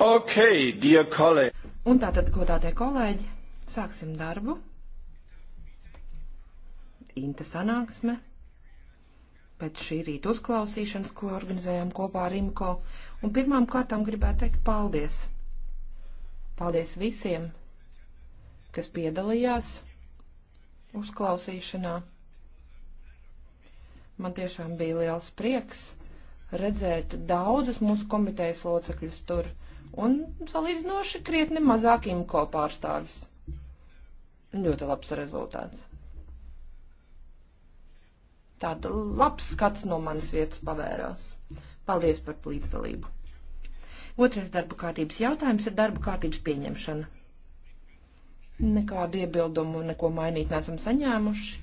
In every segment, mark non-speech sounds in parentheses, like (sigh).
Okay, dear colleague. Un tātad, godātie kolēģi, sāksim darbu. Inta sanāksme. Pēc šī rīta uzklausīšanas, ko organizējām kopā ar Imko. Un pirmām kārtām gribētu teikt paldies. Paldies visiem, kas piedalījās uzklausīšanā. Man tiešām bija liels prieks redzēt daudzus mūsu komitejas locekļus tur. Uh, un salīdzinoši krietni mazāk imko pārstāvis. Ļoti labs rezultāts. Tāda labs skats no manas vietas pavērās. Paldies par līdzdalību. Otrais darba kārtības jautājums ir darba kārtības pieņemšana. Nekādu iebildumu, neko mainīt nesam saņēmuši.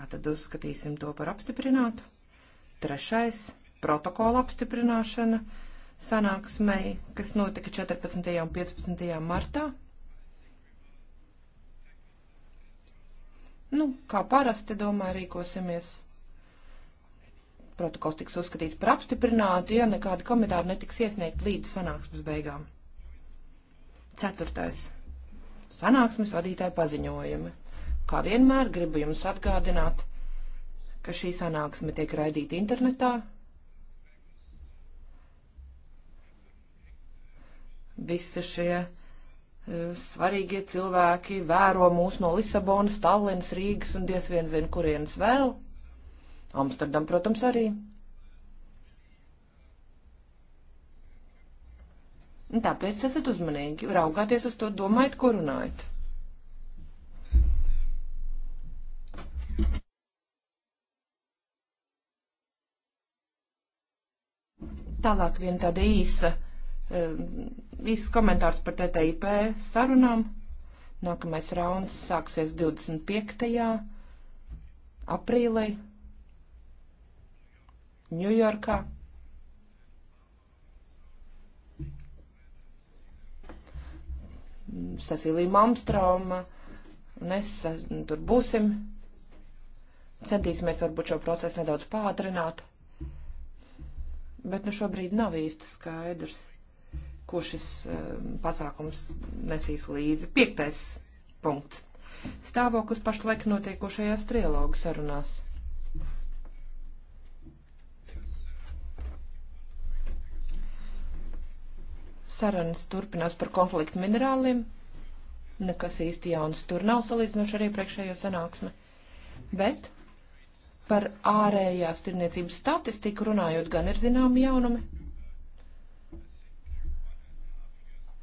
Tātad uzskatīsim to par apstiprinātu. Trešais - protokola apstiprināšana sanāksmei, kas notika 14. un 15. martā. Nu, kā parasti, domāju, rīkosimies. Protokols tiks uzskatīts par apstiprinātu, ja nekāda komentāra netiks iesniegt līdz sanāksmes beigām. Ceturtais. Sanāksmes vadītāja paziņojumi. Kā vienmēr gribu jums atgādināt, ka šī sanāksme tiek raidīta internetā visi šie e, svarīgie cilvēki vēro mūs no Lisabonas, Tallinas, Rīgas un diez vien zina, kurienes vēl. Amsterdam, protams, arī. Un tāpēc esat uzmanīgi, raugāties uz to, domājiet, ko runājat. Tālāk viena tāda īsa Eh, īsts komentārs par TTIP sarunām. Nākamais rauns sāksies 25. aprīlī Ņujorkā. Cecilija Malmstrauma un es tur būsim. Centīsimies varbūt šo procesu nedaudz pātrināt, bet nu šobrīd nav īsti skaidrs ko šis um, pasākums nesīs līdzi. Piektais punkts. Stāvoklis pašlaik notiekošajās trialogu sarunās. Sarunas turpinās par konfliktu minerāliem. Nekas īsti jauns tur nav salīdzinoši ar iepriekšējo sanāksmi. Bet par ārējās tirniecības statistiku runājot gan ir zināmi jaunumi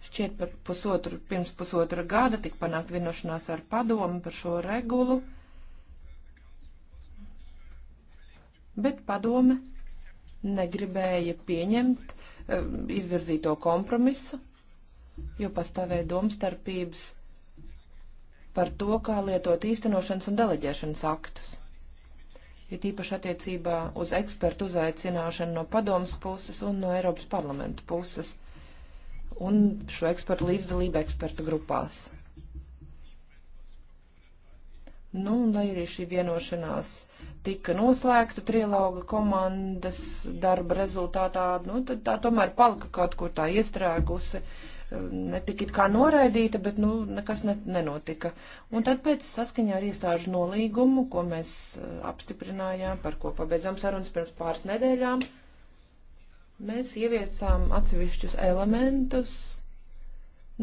Šķiet par pusotru, pirms pusotra gada tika panākt vienošanās ar padomu par šo regulu. Bet padome negribēja pieņemt eh, izvirzīto kompromisu, jo pastāvēja domstarpības par to, kā lietot īstenošanas un deleģēšanas aktus. Ir tīpaši attiecībā uz ekspertu uzaicināšanu no padomas puses un no Eiropas parlamentu puses un šo ekspertu līdzdalību ekspertu grupās. Nu, un lai arī šī vienošanās tika noslēgta triloga komandas darba rezultātā, nu, tad tā tomēr palika kaut kur tā iestrēgusi, netika it kā noraidīta, bet, nu, nekas net, nenotika. Un tad pēc saskaņā ar iestāžu nolīgumu, ko mēs eh, apstiprinājām, par ko pabeidzām sarunas pirms pāris nedēļām, uh, Mēs ieviesām atsevišķus elementus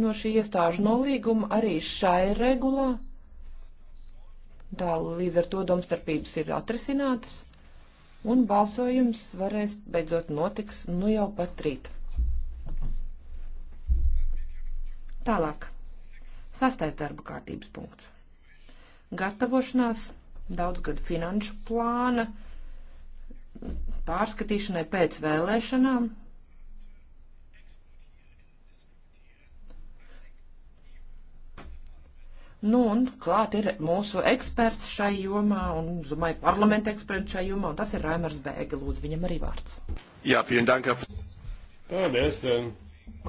no šī iestāžu nolīguma arī šai regulā. Tā līdz ar to domstarpības ir atrisinātas, un balsojums varēs beidzot notiks nu jau pat rīt. Tālāk. Sastais darba kārtības punkts. Gatavošanās daudzgadu finanšu plāna pārskatīšanai pēc vēlēšanām. Nu, un klāt ir mūsu eksperts šai jomā, un, domāju, parlamenta eksperts šai jomā, un tas ir Raimers Bēga, lūdzu, viņam arī vārds. Jā, vielen dank. Paldies, eh,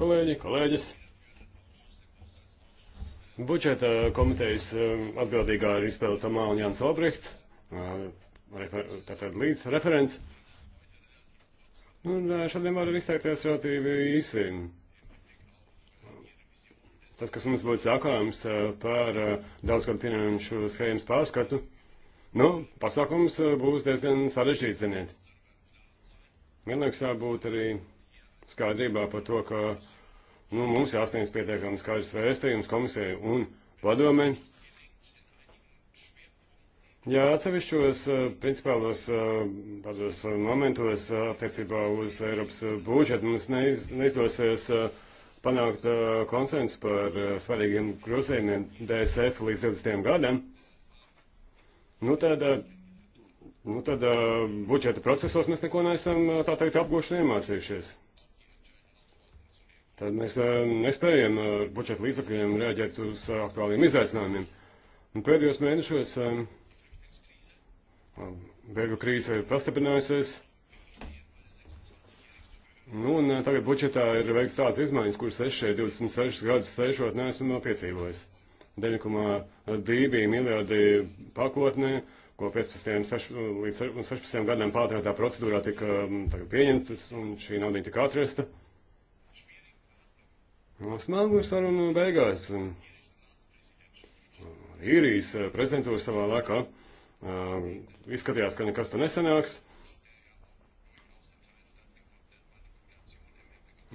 kolēģi, kolēģis. Budžeta komitejas eh, atbildīgā ir izpildāmā un Jānis Obrihts, eh, tātad līdz referents. Un šodien varu izteikties relatīvi īsi. Tas, kas mums būtu sakāms par daudzgadu finanšu schēmas pārskatu, nu, pasākums būs diezgan sarežģīts, ziniet. Vienlaikus jābūt arī skaidrībā par to, ka nu, mums jāsniedz pietiekami skaidrs vēstījums komisijai un padomēji Jā, atsevišķos eh, principālos eh, tādos eh, momentos attiecībā uz Eiropas budžetu mums neiz, neizdosies panākt konsensu par svarīgiem grozījumiem DSF līdz 20. gadam. Nu tad, nu tad budžeta procesos mēs neko neesam tā teikt apgūšanu iemācījušies. Tad mēs nespējam ar budžeta līdzakļiem reaģēt uz aktuāliem izaicinājumiem. Un pēdējos mēnešos. Um, Bēgļu krīze ir pastiprinājusies. Nu, un eh, tagad budžetā ir veikts tāds izmaiņas, kuras es šeit 26 gadus sēžot neesmu piedzīvojis. 9,2 miljardi pakotnē, ko 15 6, līdz 16 gadiem pātrinātā procedūrā tika mm, pieņemtas, un šī nauda tika atrasta. Nu, Smagu sarunu beigās. Un, mm, īrijas eh, prezidentūra savā laikā Izskatījās, ka nekas tur nesanāks.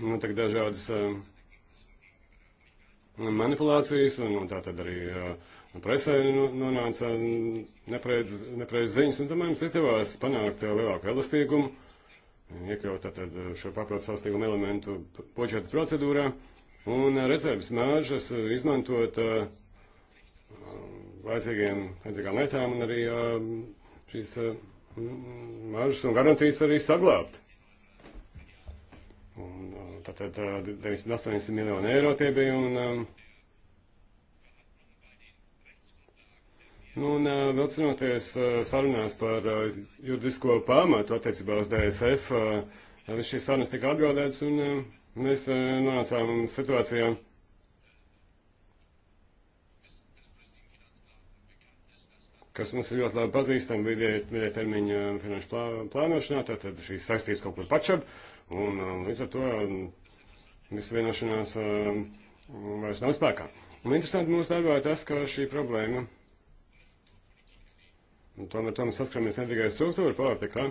Nu, tagad dažādas manipulācijas, un, un tā tad arī presē nu, nonāca nepreizes nepreiz ziņas, un tomēr mums izdevās panākt lielāku elastīgumu, iekļaut tātad šo papildus elastīgumu elementu budžeta procedūrā, un rezerves māržas izmantot uh, vajadzīgiem, vajadzīgām lietām un arī šīs mažas un garantijas arī saglābt. Un, tātad 980 miljoni eiro tie bija un, nu, un vēl cinoties sarunās par juridisko pamatu attiecībā uz DSF, viss šīs sarunas tika apdraudētas un mēs nonācām situācijām kas mums ir ļoti labi pazīstami vidē termiņa um, finanšu plā, plānošanā, tātad šīs saistības kaut kur pačab, un um, līdz ar to um, visu vienošanās vairs nav spēkā. Un interesanti mūsu darbā tas, ka šī problēma, un tomēr to mēs saskaramies ne tikai struktūra politikā,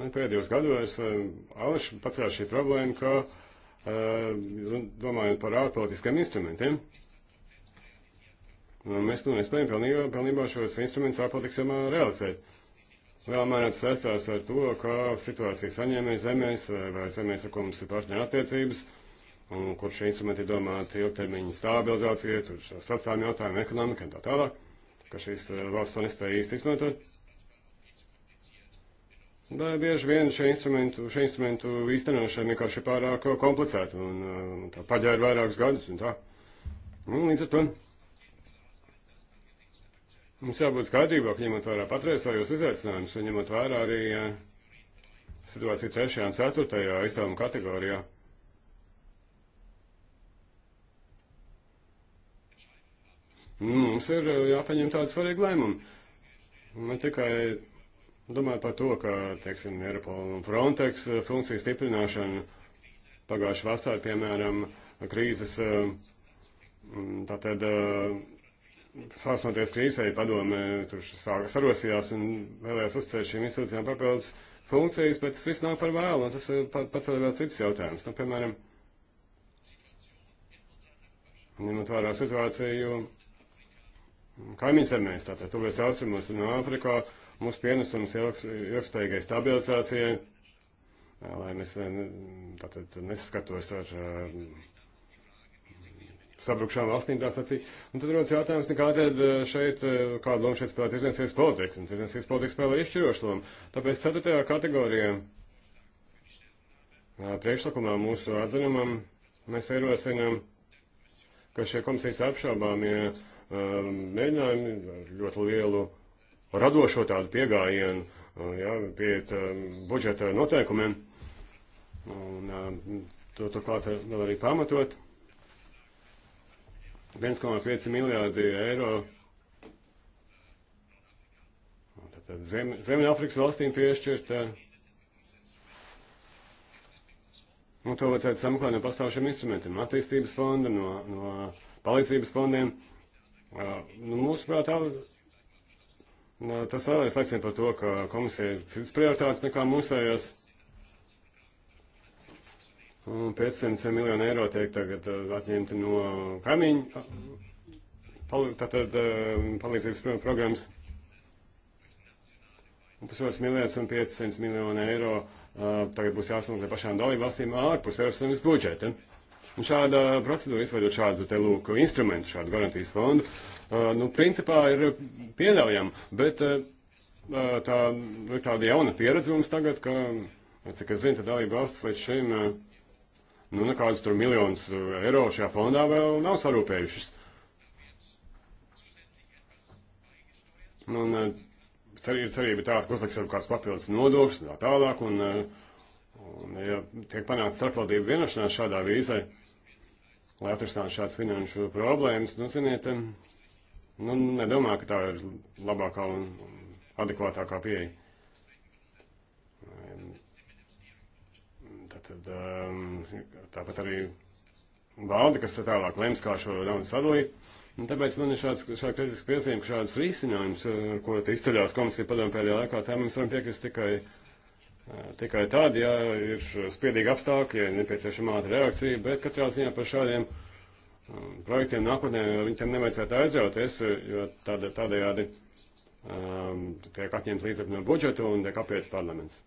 man pēdējos gados alaši pacēlās šī problēma, ka uh, domājot par ārpolitiskiem instrumentiem, ja? mēs to nespējam pilnībā, pilnībā šos instrumentus ārpolitikas jomā realizēt. Lielā mērā tas saistās ar to, kā situācija saņēmējas zemēs vai zemēs, ar ko mums ir partneru attiecības, un kur šie instrumenti ir domāti ilgtermiņa stabilizācijai, tur sacām jautājumu ekonomika un tā tālāk, ka šīs eh, valsts to nespēja īsti izmantot. Da, bieži vien šie instrumentu, šie instrumentu īstenošana vienkārši pārāk komplicēta un eh, tā paģēra vairākus gadus un tā. Un līdz ar to. Mums jābūt skaidrībā, ka ņemot vērā patreizējos izaicinājumus un ņemot vērā arī eh, situāciju trešajā un ceturtajā izdevuma kategorijā. Nu, mums ir eh, jāpaņem tāds svarīgi lēmumi. Ne tikai domāt par to, ka, teiksim, Eiropola un Frontex eh, funkciju stiprināšana pagājušā vasarā, piemēram, krīzes tātad sāsnoties krīzē, padome tur sāk sarosījās un vēlējās uzcēt šīm institūcijām papildus funkcijas, bet tas viss nāk par vēlu, un tas eh, paceļ vēl cits jautājums. Nu, piemēram, ņemot vērā situāciju mm, kaimiņzemēs, tātad tuvies austrumos un Āfrikā, mūsu pienesums ilgspējīgai stabilizācijai, eh, lai mēs eh, tātad nesaskatos ar uh, sabrukšām valstīm, tā sacīja. Un tad rodas jautājums, nu, kādēļ eh, šeit, eh, kāda loma šeit spēlē tirdzniecības politika, un tirdzniecības politika spēlē izšķirošu lomu. Tāpēc ceturtajā kategorijā eh, priekšlikumā mūsu atzinumam mēs ierosinām, ka šie komisijas apšaubāmie ja, mēģinājumi ar ļoti lielu radošo tādu pieejamību, ja, pieiet budžeta noteikumiem. Un, to turklāt vēl arī pamatot. 1,5 miljārdi eiro zem, Zemļāfrikas valstīm piešķirta. Eh, un to vajadzētu samaklāt no pastāvšiem instrumentiem, no attīstības fonda, no, no palīdzības fondiem. Uh, nu, mūsuprāt, tā, eh, tas vēlreiz liecina par to, ka komisija ir citas prioritātes nekā mūsējās. Ja 500 miljonu eiro tiek tagad eh, atņemti no kaimiņu tātad eh, palīdzības programmas. Un pusotras miljardas un 500 miljonu eiro eh, tagad būs jāsamaksā pašām dalībvalstīm ārpus Eiropas Savienības budžeta. Un šāda procedūra, izveidot šādu te lūk instrumentu, šādu garantijas fondu, nu, principā ir pieļaujama, bet tā ir nu, tāda jauna pieredze mums tagad, ka, cik es zinu, tad dalība valsts līdz šim uh, nu nekādus tur miljonus e, eiro šajā fondā vēl nav sarūpējušas. Un e, cerība, cerība tāda, ka uzliks vēl kāds papildus nodoklis un tā tālāk, un, e, un ja tiek panāca starpvaldību vienošanās šādā vīzē, lai atrastātu šādas finanšu problēmas, nu, ziniet, nu, nedomā, ka tā ir labākā un adekvātākā pieeja. Tad um, tāpat arī valde, kas tā tālāk lems, kā šo naudu sadalīt. Un tāpēc man ir šāds, šāds kritisks piezīme, ka šādas risinājumus, ar uh, ko izceļās komisija padomu pēdējā laikā, tā mēs varam piekrist tikai, uh, tikai tad, ja ir spiedīgi apstākļi, ja nepieciešama ātra reakcija, bet katrā ziņā par šādiem um, projektiem nākotnē viņam nevajadzētu aizjauties, jo tād, tādējādi um, tiek atņemt līdzekļi no budžeta un tiek apiet parlaments.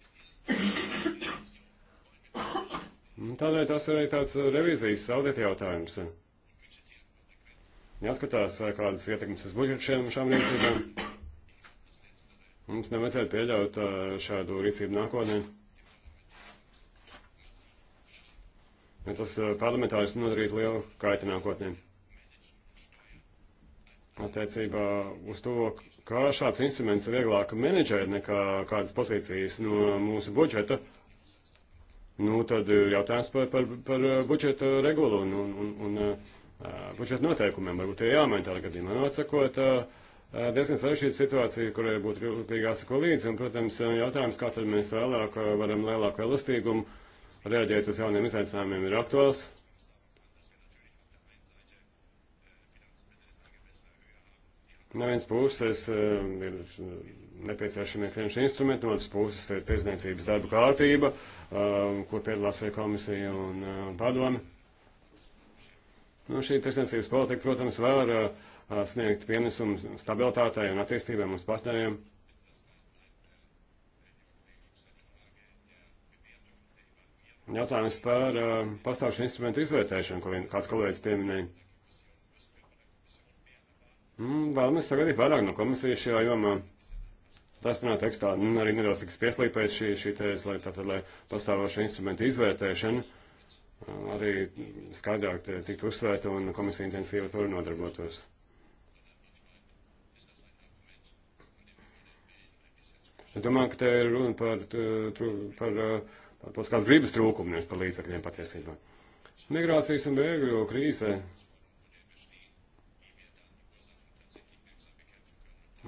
Tādēļ tas ir arī tāds revīzijas audita jautājums. Jāskatās, eh, kādas ietekmes uz budžetiem šām rīcībām. Mums nevajadzētu pieļaut eh, šādu rīcību nākotnē. Ja tas eh, parlamentārs nodarītu lielu kaiti nākotnē. Attiecībā uz to, kā šāds instruments ir vieglāk menedžēt nekā kādas pozīcijas no mūsu budžeta. Uh, Nu, tad eh, jautājums par, par, par eh, budžeta regulu un, un, un, un uh, budžeta noteikumiem. Varbūt ir jāmaina tādā gadījumā. Nu, atsakot, uh, diezgan sarežģīta situācija, kurai būtu rūpīgi jāsako līdzi. Un, protams, jautājums, kā tad mēs vēlāk varam lielāku elastīgumu reaģēt uz jauniem izaicinājumiem, ir aktuāls. Uh, No vienas puses eh, ir nepieciešami finanšu instrumenti, no otras puses ir tirdzniecības darba kārtība, eh, kur piedalās arī komisija un eh, padomi. Nu, šī tirdzniecības politika, protams, var sniegt pienesumu stabilitātei un attīstībai mūsu partneriem. Jautājums par pastāvšu instrumentu izvērtēšanu, ko kāds kolēģis pieminēja. Mm, vēlamies sagaidīt vairāk no komisijas šajā jomā. Tas manā tekstā nu, arī nedaudz tiks pieslīpēts šī, šī tēze, lai tātad, lai pastāvošo instrumentu izvērtēšana uh, arī skaidrāk tiktu uzsvērta un komisija intensīvi ar to nodarbotos. Es domāju, ka te ir runa par, par, uh, par, par, par kādas gribas trūkumu, nevis par līdzekļiem patiesībā. Migrācijas un bēgļu krīze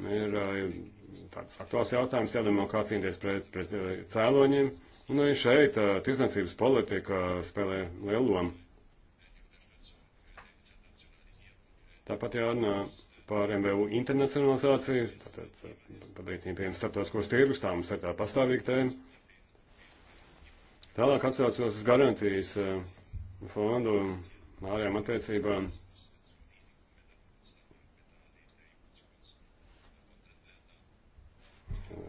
ir uh, tāds aktuāls jautājums, jādomā, kā cīnīties pret, pret uh, cēloņiem. Un arī šeit uh, tirsniecības politika spēlē lielu lomu. Tāpat jārunā par MVU internacionalizāciju, tātad padarīt viņiem pieejams starptautiskos tirgus, tā mums ir tā pastāvīga tēma. Tālāk atsaucos uz garantijas fondu ārējām attiecībām.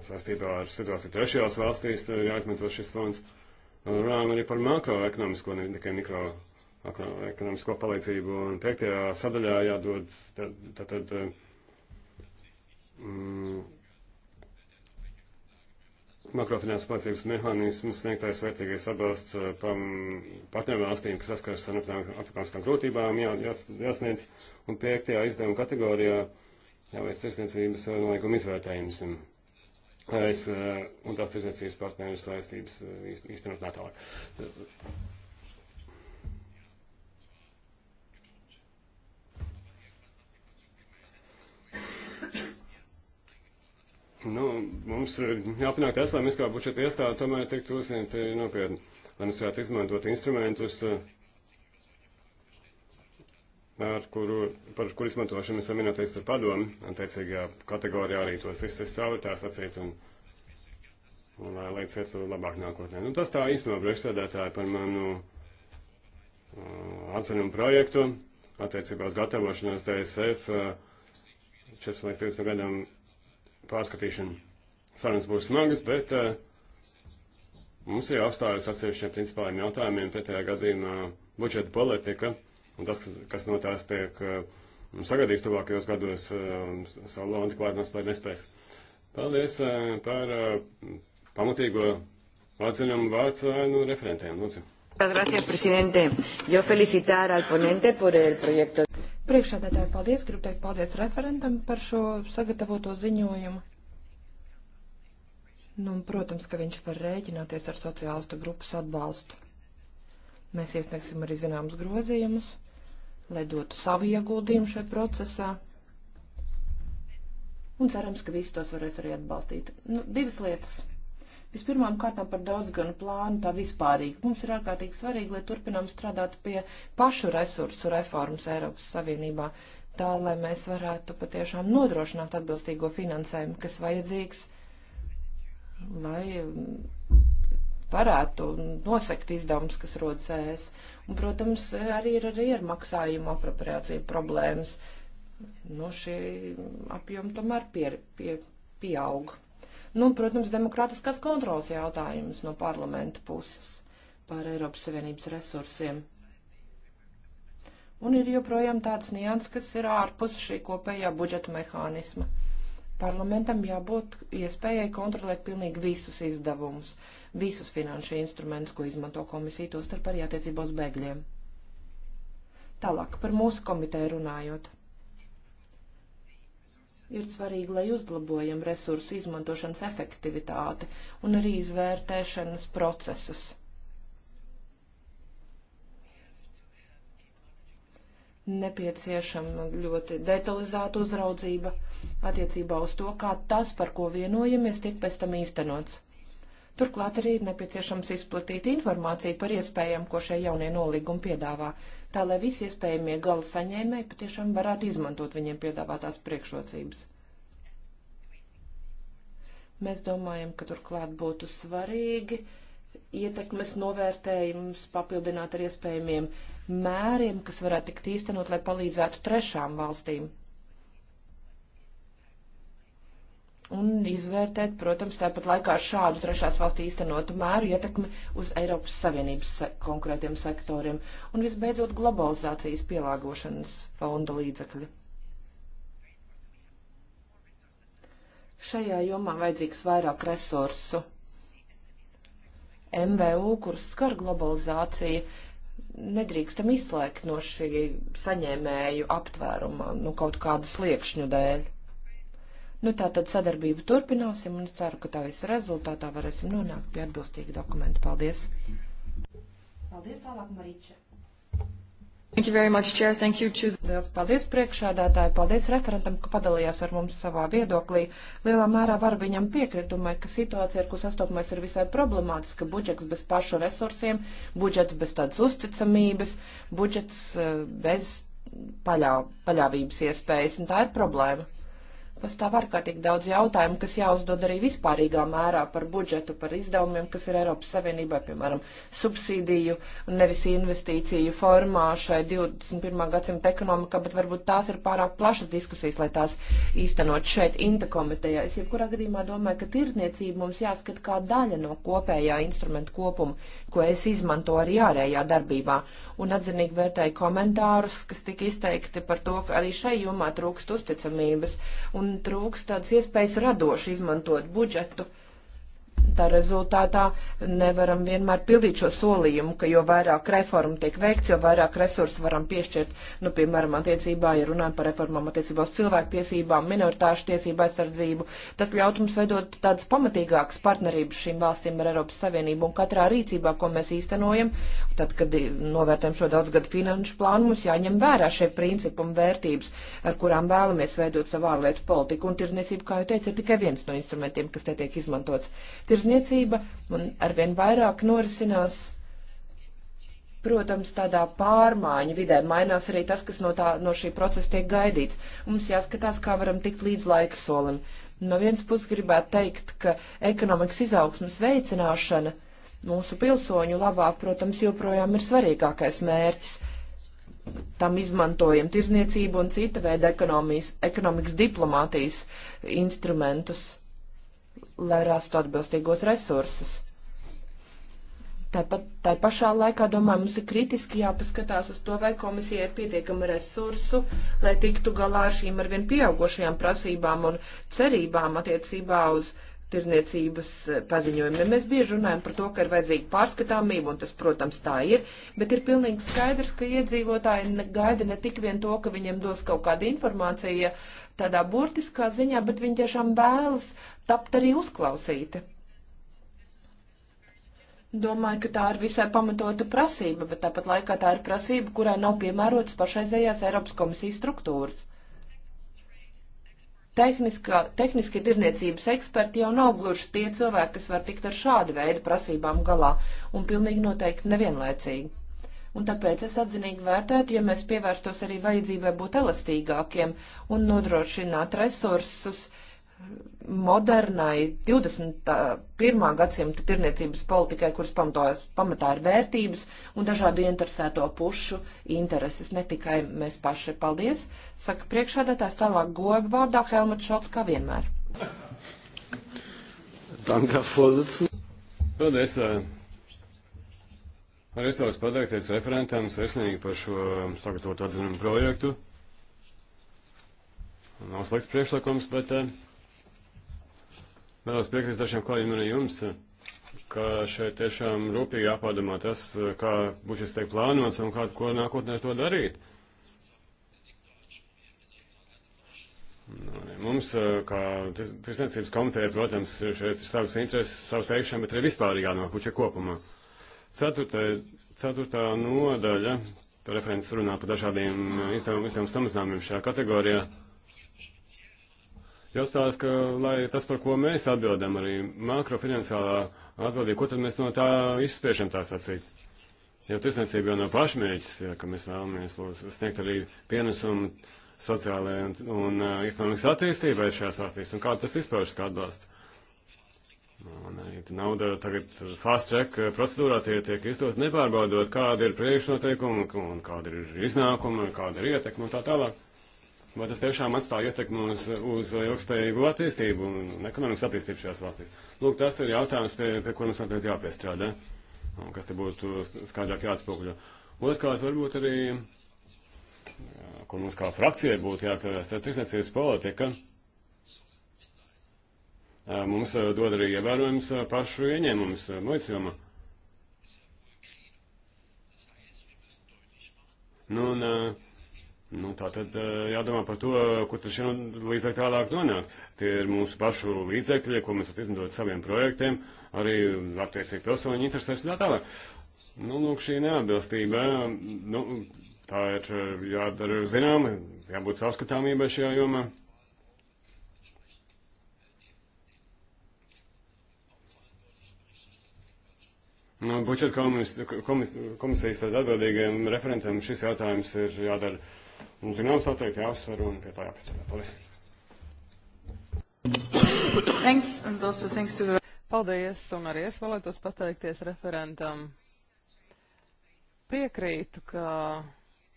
saistībā ar situāciju trešajās valstīs, tad ir jāizmanto šis fonds. Runājam arī par makroekonomisko, ne tikai mikroekonomisko palīdzību. Un piektajā sadaļā jādod tad, tad, tad mm, makrofinanses palīdzības mehānismus sniegtais vērtīgais atbalsts eh, partnervalstīm, kas saskaras ar ekonomiskām grūtībām, jā, jās, jāsniedz, un piektajā izdevuma kategorijā jāveic tirsniecības eh, nolīguma izvērtējums. Un es eh, un tās tirsniecības partneru saistības eh, īstenot tālāk. Nu, mums ir jāpanāk tas, lai mēs kā budžeta iestāde tomēr tiktu uzņemti nopietni, lai mēs varētu izmantot instrumentus, uh, ar kuru, par kur izmantošanu esam vienoties ar padomu, attiecīgajā kategorijā arī tos izsist savu, tā sacīt, un, un lai, lai cietu labāk nākotnē. Nu, tas tā īstenībā priekšsēdētāji par manu uh, atzinumu projektu, attiecībā uz gatavošanos DSF uh, 14 līdz 20 gadam pārskatīšanu. Sarunas būs smagas, bet uh, mums ir jāuzstājas atsevišķiem principāliem jautājumiem, pretējā gadījumā budžeta politika. Uh, Un tas, kas no tās tiek eh, sagadīts tuvākajos gados, eh, savu antikvātnes vai nespēs. Paldies eh, par pamatīgo atzinumu vārds no nu, referentiem. Lūdzu. Gracias, presidente. Yo felicitar al ponente por el proyecto. Priekšādātāji, paldies. Gribu teikt paldies referentam par šo sagatavoto ziņojumu. Nu, protams, ka viņš var rēķināties ar sociālistu grupas atbalstu. Mēs iesniegsim arī zināmus grozījumus lai dotu savu ieguldījumu šajā procesā. Un cerams, ka visi tos varēs arī atbalstīt. Nu, divas lietas. Vispirmām kārtām par daudzganu plānu tā vispārīgi. Mums ir ārkārtīgi svarīgi, lai turpinām strādāt pie pašu resursu reformas Eiropas Savienībā, tā lai mēs varētu patiešām nodrošināt atbilstīgo finansējumu, kas vajadzīgs, lai varētu nosekt izdevumus, kas rodas ES. Un, protams, arī ir arī ar maksājumu apropriāciju problēmas. Nu, šie apjomi tomēr pie, pie, pieaug. Nu, protams, demokrātiskās kontrolas jautājums no parlamenta puses par Eiropas Savienības resursiem. Un ir joprojām tāds nians, kas ir ārpus šī kopējā budžeta mehānisma. Parlamentam jābūt iespējai kontrolēt pilnīgi visus izdevumus, visus finanšu instrumentus, ko izmanto komisija, tostarp arī attiecībā uz bēgļiem. Tālāk par mūsu komiteju runājot. Ir svarīgi, lai uzlabojam resursu izmantošanas efektivitāti un arī izvērtēšanas procesus nepieciešama ļoti detalizēta uzraudzība attiecībā uz to, kā tas, par ko vienojamies, tiek pēc tam īstenots. Turklāt arī ir nepieciešams izplatīt informāciju par iespējām, ko šie jaunie nolīgumi piedāvā, tā lai visi iespējamie gala saņēmēji patiešām varētu izmantot viņiem piedāvātās priekšrocības. Mēs domājam, ka turklāt būtu svarīgi uh, ietekmes novērtējums papildināt ar iespējamiem mēriem, kas varētu tikt īstenot, lai palīdzētu trešām valstīm. Un izvērtēt, protams, tāpat laikā ar šādu trešās valstī īstenotu mēru ietekmi uz Eiropas Savienības se konkrētiem sektoriem. Un visbeidzot, globalizācijas pielāgošanas fonda līdzekļi. Šajā jomā vajadzīgs vairāk resursu MVU, kuras skar globalizācija, nedrīkstam izslēgt no šī saņēmēju aptvēruma, nu kaut kādu sliekšņu dēļ. Nu tā tad sadarbību turpināsim un ceru, ka tā visa rezultātā varēsim nonākt pie atbilstīga dokumenta. Paldies! Paldies tālāk, Marīča! Much, Chair. Thank you to... Liels paldies priekšādātāji, paldies referentam, ka padalījās ar mums savā viedoklī. Lielā mērā var viņam piekrist, domāju, ka situācija, ar ko sastopamies, ir visai problemātiska. Budžets bez pašu resursiem, budžets bez tādas uzticamības, budžets eh, bez paļā, paļāvības iespējas, un tā ir problēma. Pastāv ārkārtīgi daudz jautājumu, kas jāuzdod arī vispārīgā mērā par budžetu, par izdevumiem, kas ir Eiropas Savienībā, piemēram, subsīdiju un nevis investīciju formā šai 21. gadsimta ekonomikā, bet varbūt tās ir pārāk plašas diskusijas, lai tās īstenot šeit Inta komitejā. Es jebkurā gadījumā domāju, ka tirzniecība mums jāskat kā daļa no kopējā instrumentu kopuma, ko es izmantoju arī ārējā darbībā. Un atzinīgi vērtēju komentārus, kas tika izteikti par to, ka arī šai jomā trūkst uzticamības. Un un trūks tādas iespējas radoši izmantot budžetu Tā rezultātā nevaram vienmēr pildīt šo solījumu, ka jo vairāk reformu tiek veikts, jo vairāk resursu varam piešķirt, nu, piemēram, attiecībā, ja runājam par reformām attiecībā uz cilvēktiesībām, minoritāšu tiesību aizsardzību. Tas ļaut mums veidot tādas pamatīgākas partnerības šīm valstīm ar Eiropas Savienību un katrā rīcībā, ko mēs īstenojam, tad, kad novērtējam šo daudzgadu finanšu plānu, mums jāņem vērā šie principi un vērtības, ar kurām vēlamies veidot savu ārlietu politiku. Un tirdzniecība, kā jau teicu, ir tikai viens no instrumentiem, kas te tiek izmantots tirzniecība un arvien vairāk norisinās protams, tādā pārmaiņu vidē mainās arī tas, kas no, tā, no šī procesa tiek gaidīts. Mums jāskatās, kā varam tikt līdz laika solim. No vienas puses gribētu teikt, ka ekonomikas izaugsmas veicināšana mūsu pilsoņu labā, protams, joprojām ir svarīgākais mērķis. Tam izmantojam tirzniecību un cita veida ekonomikas diplomātijas instrumentus lai rastu atbilstīgos resursus. Tāpat tā pašā laikā, domāju, mums ir kritiski jāpaskatās uz to, vai komisija ir pietiekama resursu, lai tiktu galā ar šīm arvien pieaugošajām prasībām un cerībām attiecībā uz tirniecības paziņojumiem. Mēs bieži runājam par to, ka ir vajadzīga pārskatāmība, un tas, protams, tā ir, bet ir pilnīgi skaidrs, ka iedzīvotāji gaida ne tik vien to, ka viņiem dos kaut kāda informācija tādā burtiskā ziņā, bet viņi tiešām vēlas tapt arī uzklausīti. Domāju, ka tā ir visai pamatota prasība, bet tāpat laikā tā ir prasība, kurai nav piemērotas pašreizējās Eiropas komisijas struktūras. Tehniska, tehniski tirniecības eksperti jau nav gluži tie cilvēki, kas var tikt ar šādu veidu prasībām galā un pilnīgi noteikti nevienlaicīgi. Un tāpēc es atzinīgi vērtētu, ja mēs pievērstos arī vajadzībai būt elastīgākiem un nodrošināt resursus modernai 21. gadsimta tirniecības politikai, kuras pamatojas, pamatā ir vērtības un dažādu interesēto pušu intereses, ne tikai mēs paši. Paldies! Saka priekšādātājs tālāk goba vārdā Helmut Šalts kā vienmēr. Dankā, Paldies! Eh, Arī es vēlos pateikties referentam sirsnīgi par šo sagatavotu atzinumu projektu. Nav slikts priekšlikums, bet eh, vēlos piekrist dažiem klājiem arī jums, ka šeit tiešām rūpīgi jāpārdomā tas, kā būs šis teikt plānots un kā, ko nākotnē to darīt. Nu, mums, eh, kā tirsniecības komiteja, protams, šeit ir savas intereses, savu teikšanu, bet arī vispār jānopuķa kopumā. Ceturtā, ceturtā nodaļa, referents runā par dažādiem uh, izdevumu, izdevumu samazinājumiem šajā kategorijā. Jāstāsta, ka lai tas, par ko mēs atbildam, arī makrofinansiālā atbildība, ko tad mēs no tā izspiešam tā sacīt? Ja tirsniecība jau nav pašmērķis, ja, ka mēs vēlamies lūs, sniegt arī pienesumu sociālajai un, un uh, ekonomikas attīstībai šajās valstīs, un kā tas izpaužas kā atbalsts. Un arī nauda tagad fast track procedūrā tie tiek izdot nepārbaudot, kāda ir priekšnoteikuma, un kāda ir iznākuma, kāda ir ietekma un tā tālāk. Vai tas tiešām atstāja ietekmi uz, uz ilgspējīgu attīstību un ekonomikas attīstību šajās valstīs? Lūk, tas ir jautājums, pie, pie kur mums noteikti jāpiestrādā, un kas te būtu skaidrāk jāatspoguļo. Otrkārt, varbūt arī, kur mums kā frakcijai būtu jāatcerās, tā tirsniecības politika. Ja, mums dod arī ievērojams pašu ieņēmumus muitas jomā. Nu, un, nu, tā tad jādomā par to, kur tad šie nu, līdzekļi tālāk nonāk. Tie ir mūsu pašu līdzekļi, ko mēs izmantojam saviem projektiem, arī attiecīgi pilsoņu interesēs un tā tālāk. Nu, lūk, šī neatbilstība, nu, tā ir jādara zināma, jābūt savskatāmībai šajā jomā. Nu, budžeta komis, komis, komisijas atbildīgiem referentiem šis jautājums ir jādara. Mums zināms, noteikti jāuzsver un pie tā jāpastrādā. Paldies! Thanks, and also thanks to the... Paldies, un arī es vēlētos pateikties referentam. Piekrītu, ka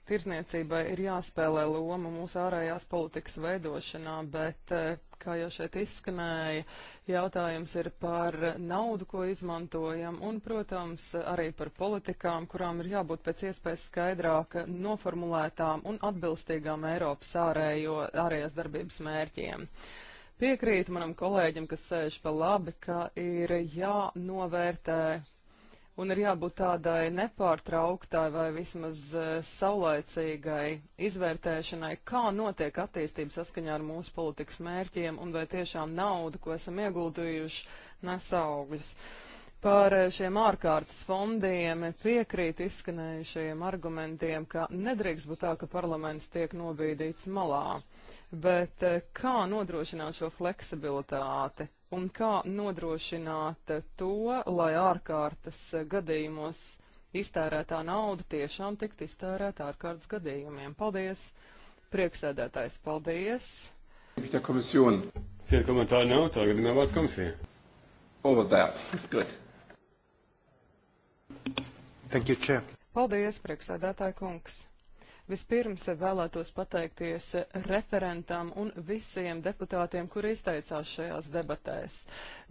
tirzniecībai ir jāspēlē loma mūsu ārējās politikas veidošanā, bet, eh, kā jau šeit izskanēja, jautājums ir par naudu, ko izmantojam, un, protams, arī par politikām, kurām ir jābūt pēc iespējas skaidrāk noformulētām un atbilstīgām Eiropas ārējo, ārējās darbības mērķiem. Piekrīt manam kolēģim, kas sēž pa labi, ka ir jānovērtē un ir jābūt tādai nepārtrauktai vai vismaz e, saulēcīgai izvērtēšanai, kā notiek attīstība saskaņā ar mūsu politikas mērķiem un vai tiešām nauda, ko esam ieguldījuši, nes augļus. Par e, šiem ārkārtas fondiem piekrīt izskanējušajiem argumentiem, ka nedrīkst būt tā, ka parlaments tiek nobīdīts malā. Bet e, kā nodrošināt šo fleksibilitāti? un kā nodrošināt to, lai ārkārtas gadījumos iztērētā nauda tiešām tiktu iztērēta ārkārtas gadījumiem. Paldies! Prieksēdētājs, paldies! Mitä komission? Sieltä komentaa ne ottaa, kun ne ovat komisia. Over there. Good. Thank you, Chair. Paldies, prieksēdētāja kungs. Vispirms vēlētos pateikties referentam un visiem deputātiem, kuri izteicās šajās debatēs.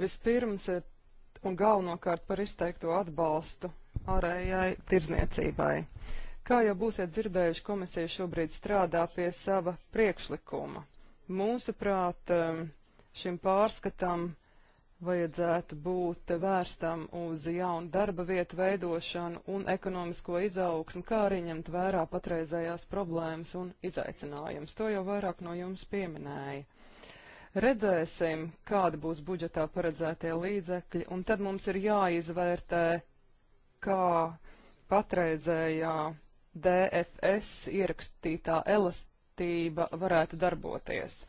Vispirms un galvenokārt par izteikto atbalstu ārējai tirzniecībai. Kā jau būsiet dzirdējuši, komisija šobrīd strādā pie sava priekšlikuma. Mūsuprāt, šim pārskatam vajadzētu būt vērstam uz jaunu darba vietu veidošanu un ekonomisko izaugsmu, kā arī ņemt vērā patreizējās problēmas un izaicinājumus. To jau vairāk no jums pieminēja. Redzēsim, kāda būs budžetā paredzētie līdzekļi, un tad mums ir jāizvērtē, kā patreizējā DFS ierakstītā elastība varētu darboties.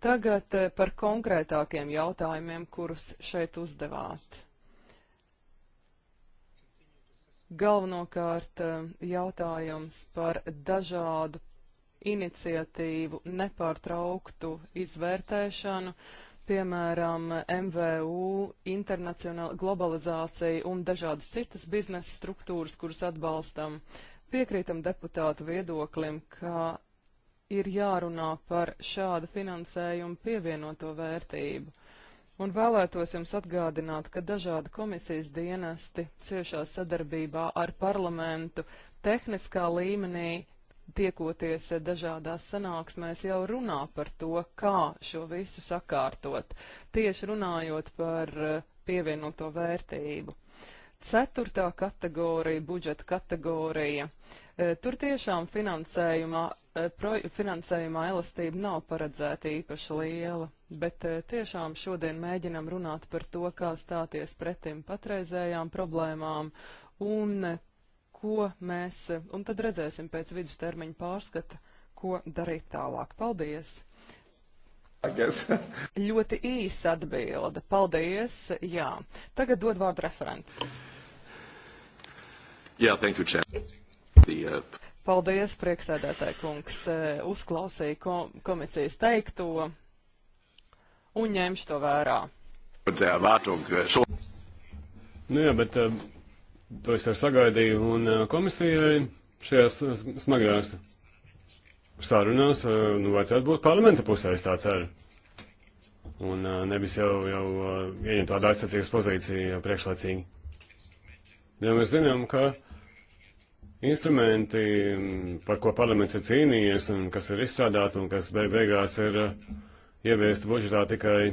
Tagad eh, par konkrētākiem jautājumiem, kurus šeit uzdevāt. Galvenokārt eh, jautājums par dažādu iniciatīvu nepārtrauktu izvērtēšanu, piemēram, MVU, internacionāla globalizācija un dažādas citas biznesa struktūras, kuras atbalstam. Piekrītam deputātu viedoklim, ka ir jārunā par šādu finansējumu pievienoto vērtību. Un vēlētos jums atgādināt, ka dažādi komisijas dienesti ciešā sadarbībā ar parlamentu tehniskā līmenī tiekoties dažādās sanāksmēs jau runā par to, kā šo visu sakārtot, tieši runājot par eh, pievienoto vērtību. Ceturtā kategorija, budžeta kategorija. Uh, Eh, tur tiešām finansējumā, eh, pro, finansējumā elastība nav paredzēta īpaši liela, bet eh, tiešām šodien mēģinam runāt par to, kā stāties pretim patreizējām problēmām un ko mēs, un tad redzēsim pēc vidustermiņa pārskata, ko darīt tālāk. Paldies! (laughs) Ļoti īsa atbilde. Paldies. Jā. Tagad dod vārdu referentam. Jā, yeah, thank you, Chair. Paldies, prieksēdētāji kungs, eh, uzklausīju komisijas teikto un ņemšu to vērā. Eh, eh, nu jā, bet to es arī sagaidīju un komisijai šajās smagajās sarunās, nu, vajadzētu būt parlamenta pusē, es tā ceru. Un nevis jau, jau ieņem tādu aizsardzības pozīciju priekšlaicīgi. Ja mēs zinām, ka Instrumenti, mm, par ko parlaments ir cīnījies un kas ir izstrādāti un kas beig beigās ir uh, ieviesti budžetā tikai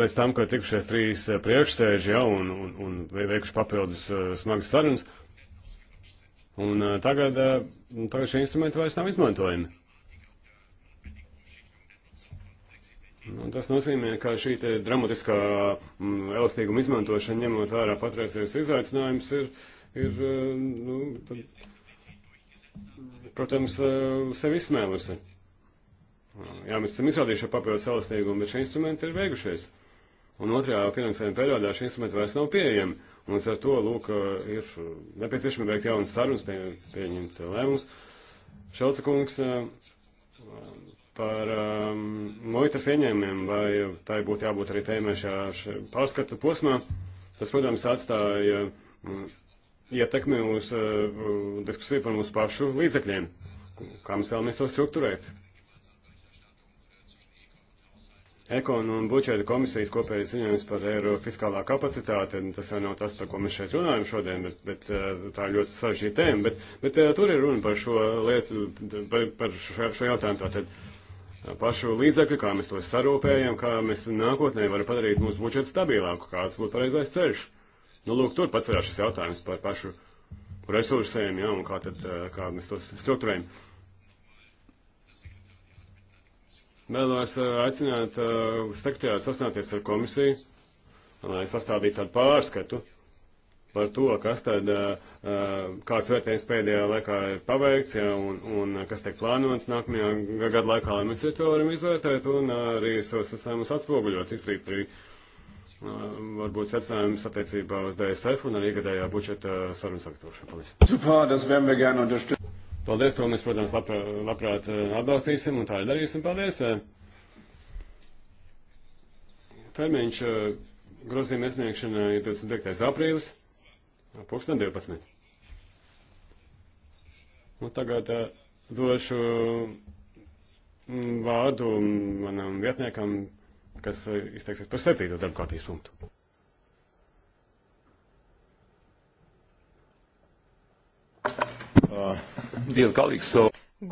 pēc tam, kad tikušies trīs uh, priekšsēži jau un, un, un veikuši papildus uh, smagas sarunas, un tagad, tagad šie instrumenti vairs nav izmantojami. Un tas nozīmē, ka šī dramatiskā mm, elastīguma izmantošana, ņemot vērā patreizējos izaicinājumus, ir ir, eh, nu, tad, protams, eh, sevi izsmēlusi. Jā, mēs esam izrādījuši papildus elastīgumu, bet šie instrumenti ir beigušies. Un otrajā finansējuma periodā šie instrumenti vairs nav pieejami. Un ar to, lūk, eh, ir nepieciešami veikt jaunas sarunas, pie, pieņemt lēmumus. Šelca kungs par um, muitas ieņēmumiem, vai tai būtu jābūt arī tēmē šajā pārskata posmā. Tas, protams, atstāja um, ietekmi uz uh, diskusiju par mūsu pašu līdzekļiem, kā mēs vēlamies to struktūrēt. Ekonu un budžeta komisijas kopējais ziņojums par eiro fiskālā kapacitāte, nu, tas jau nav tas, par ko mēs šeit runājam šodien, bet, bet eh, tā ir ļoti sarežģīta tēma, bet, bet eh, tur ir runa par šo lietu, par, par šo, šo jautājumu. Tātad pašu līdzekļu, kā mēs to sarūpējam, kā mēs nākotnē varam padarīt mūsu budžetu stabilāku, kāds būtu pareizais ceļš. Nu, lūk, tur pats ir šis jautājums par pašu resursiem, jā, un kā tad, eh, kā mēs tos struktūrējam. Vēlos eh, aicināt eh, sekretāriju sasnāties ar komisiju, lai sastādītu tādu pārskatu par to, kas tad, kāds vērtējums pēdējā laikā ir paveikts, jā, un, un kas tiek plānots nākamajā gada laikā, lai mēs to varam izvērtēt un arī savus esam atspoguļot, izdarīt varbūt secinājums attiecībā uz DSF un arī gadējā budžeta sarunu sagatavošanu. Paldies. Super, das werden wir gerne unterstützen. Paldies, to mēs, protams, labprā, labprāt atbalstīsim un tā arī darīsim. Paldies. Termiņš grozījuma iesniegšana ir 25. aprīlis, pulksten 12. Un nu, tagad došu mm, vārdu manam vietniekam kas eh, izteiksies par septīto darba kārtības punktu. Uh, so...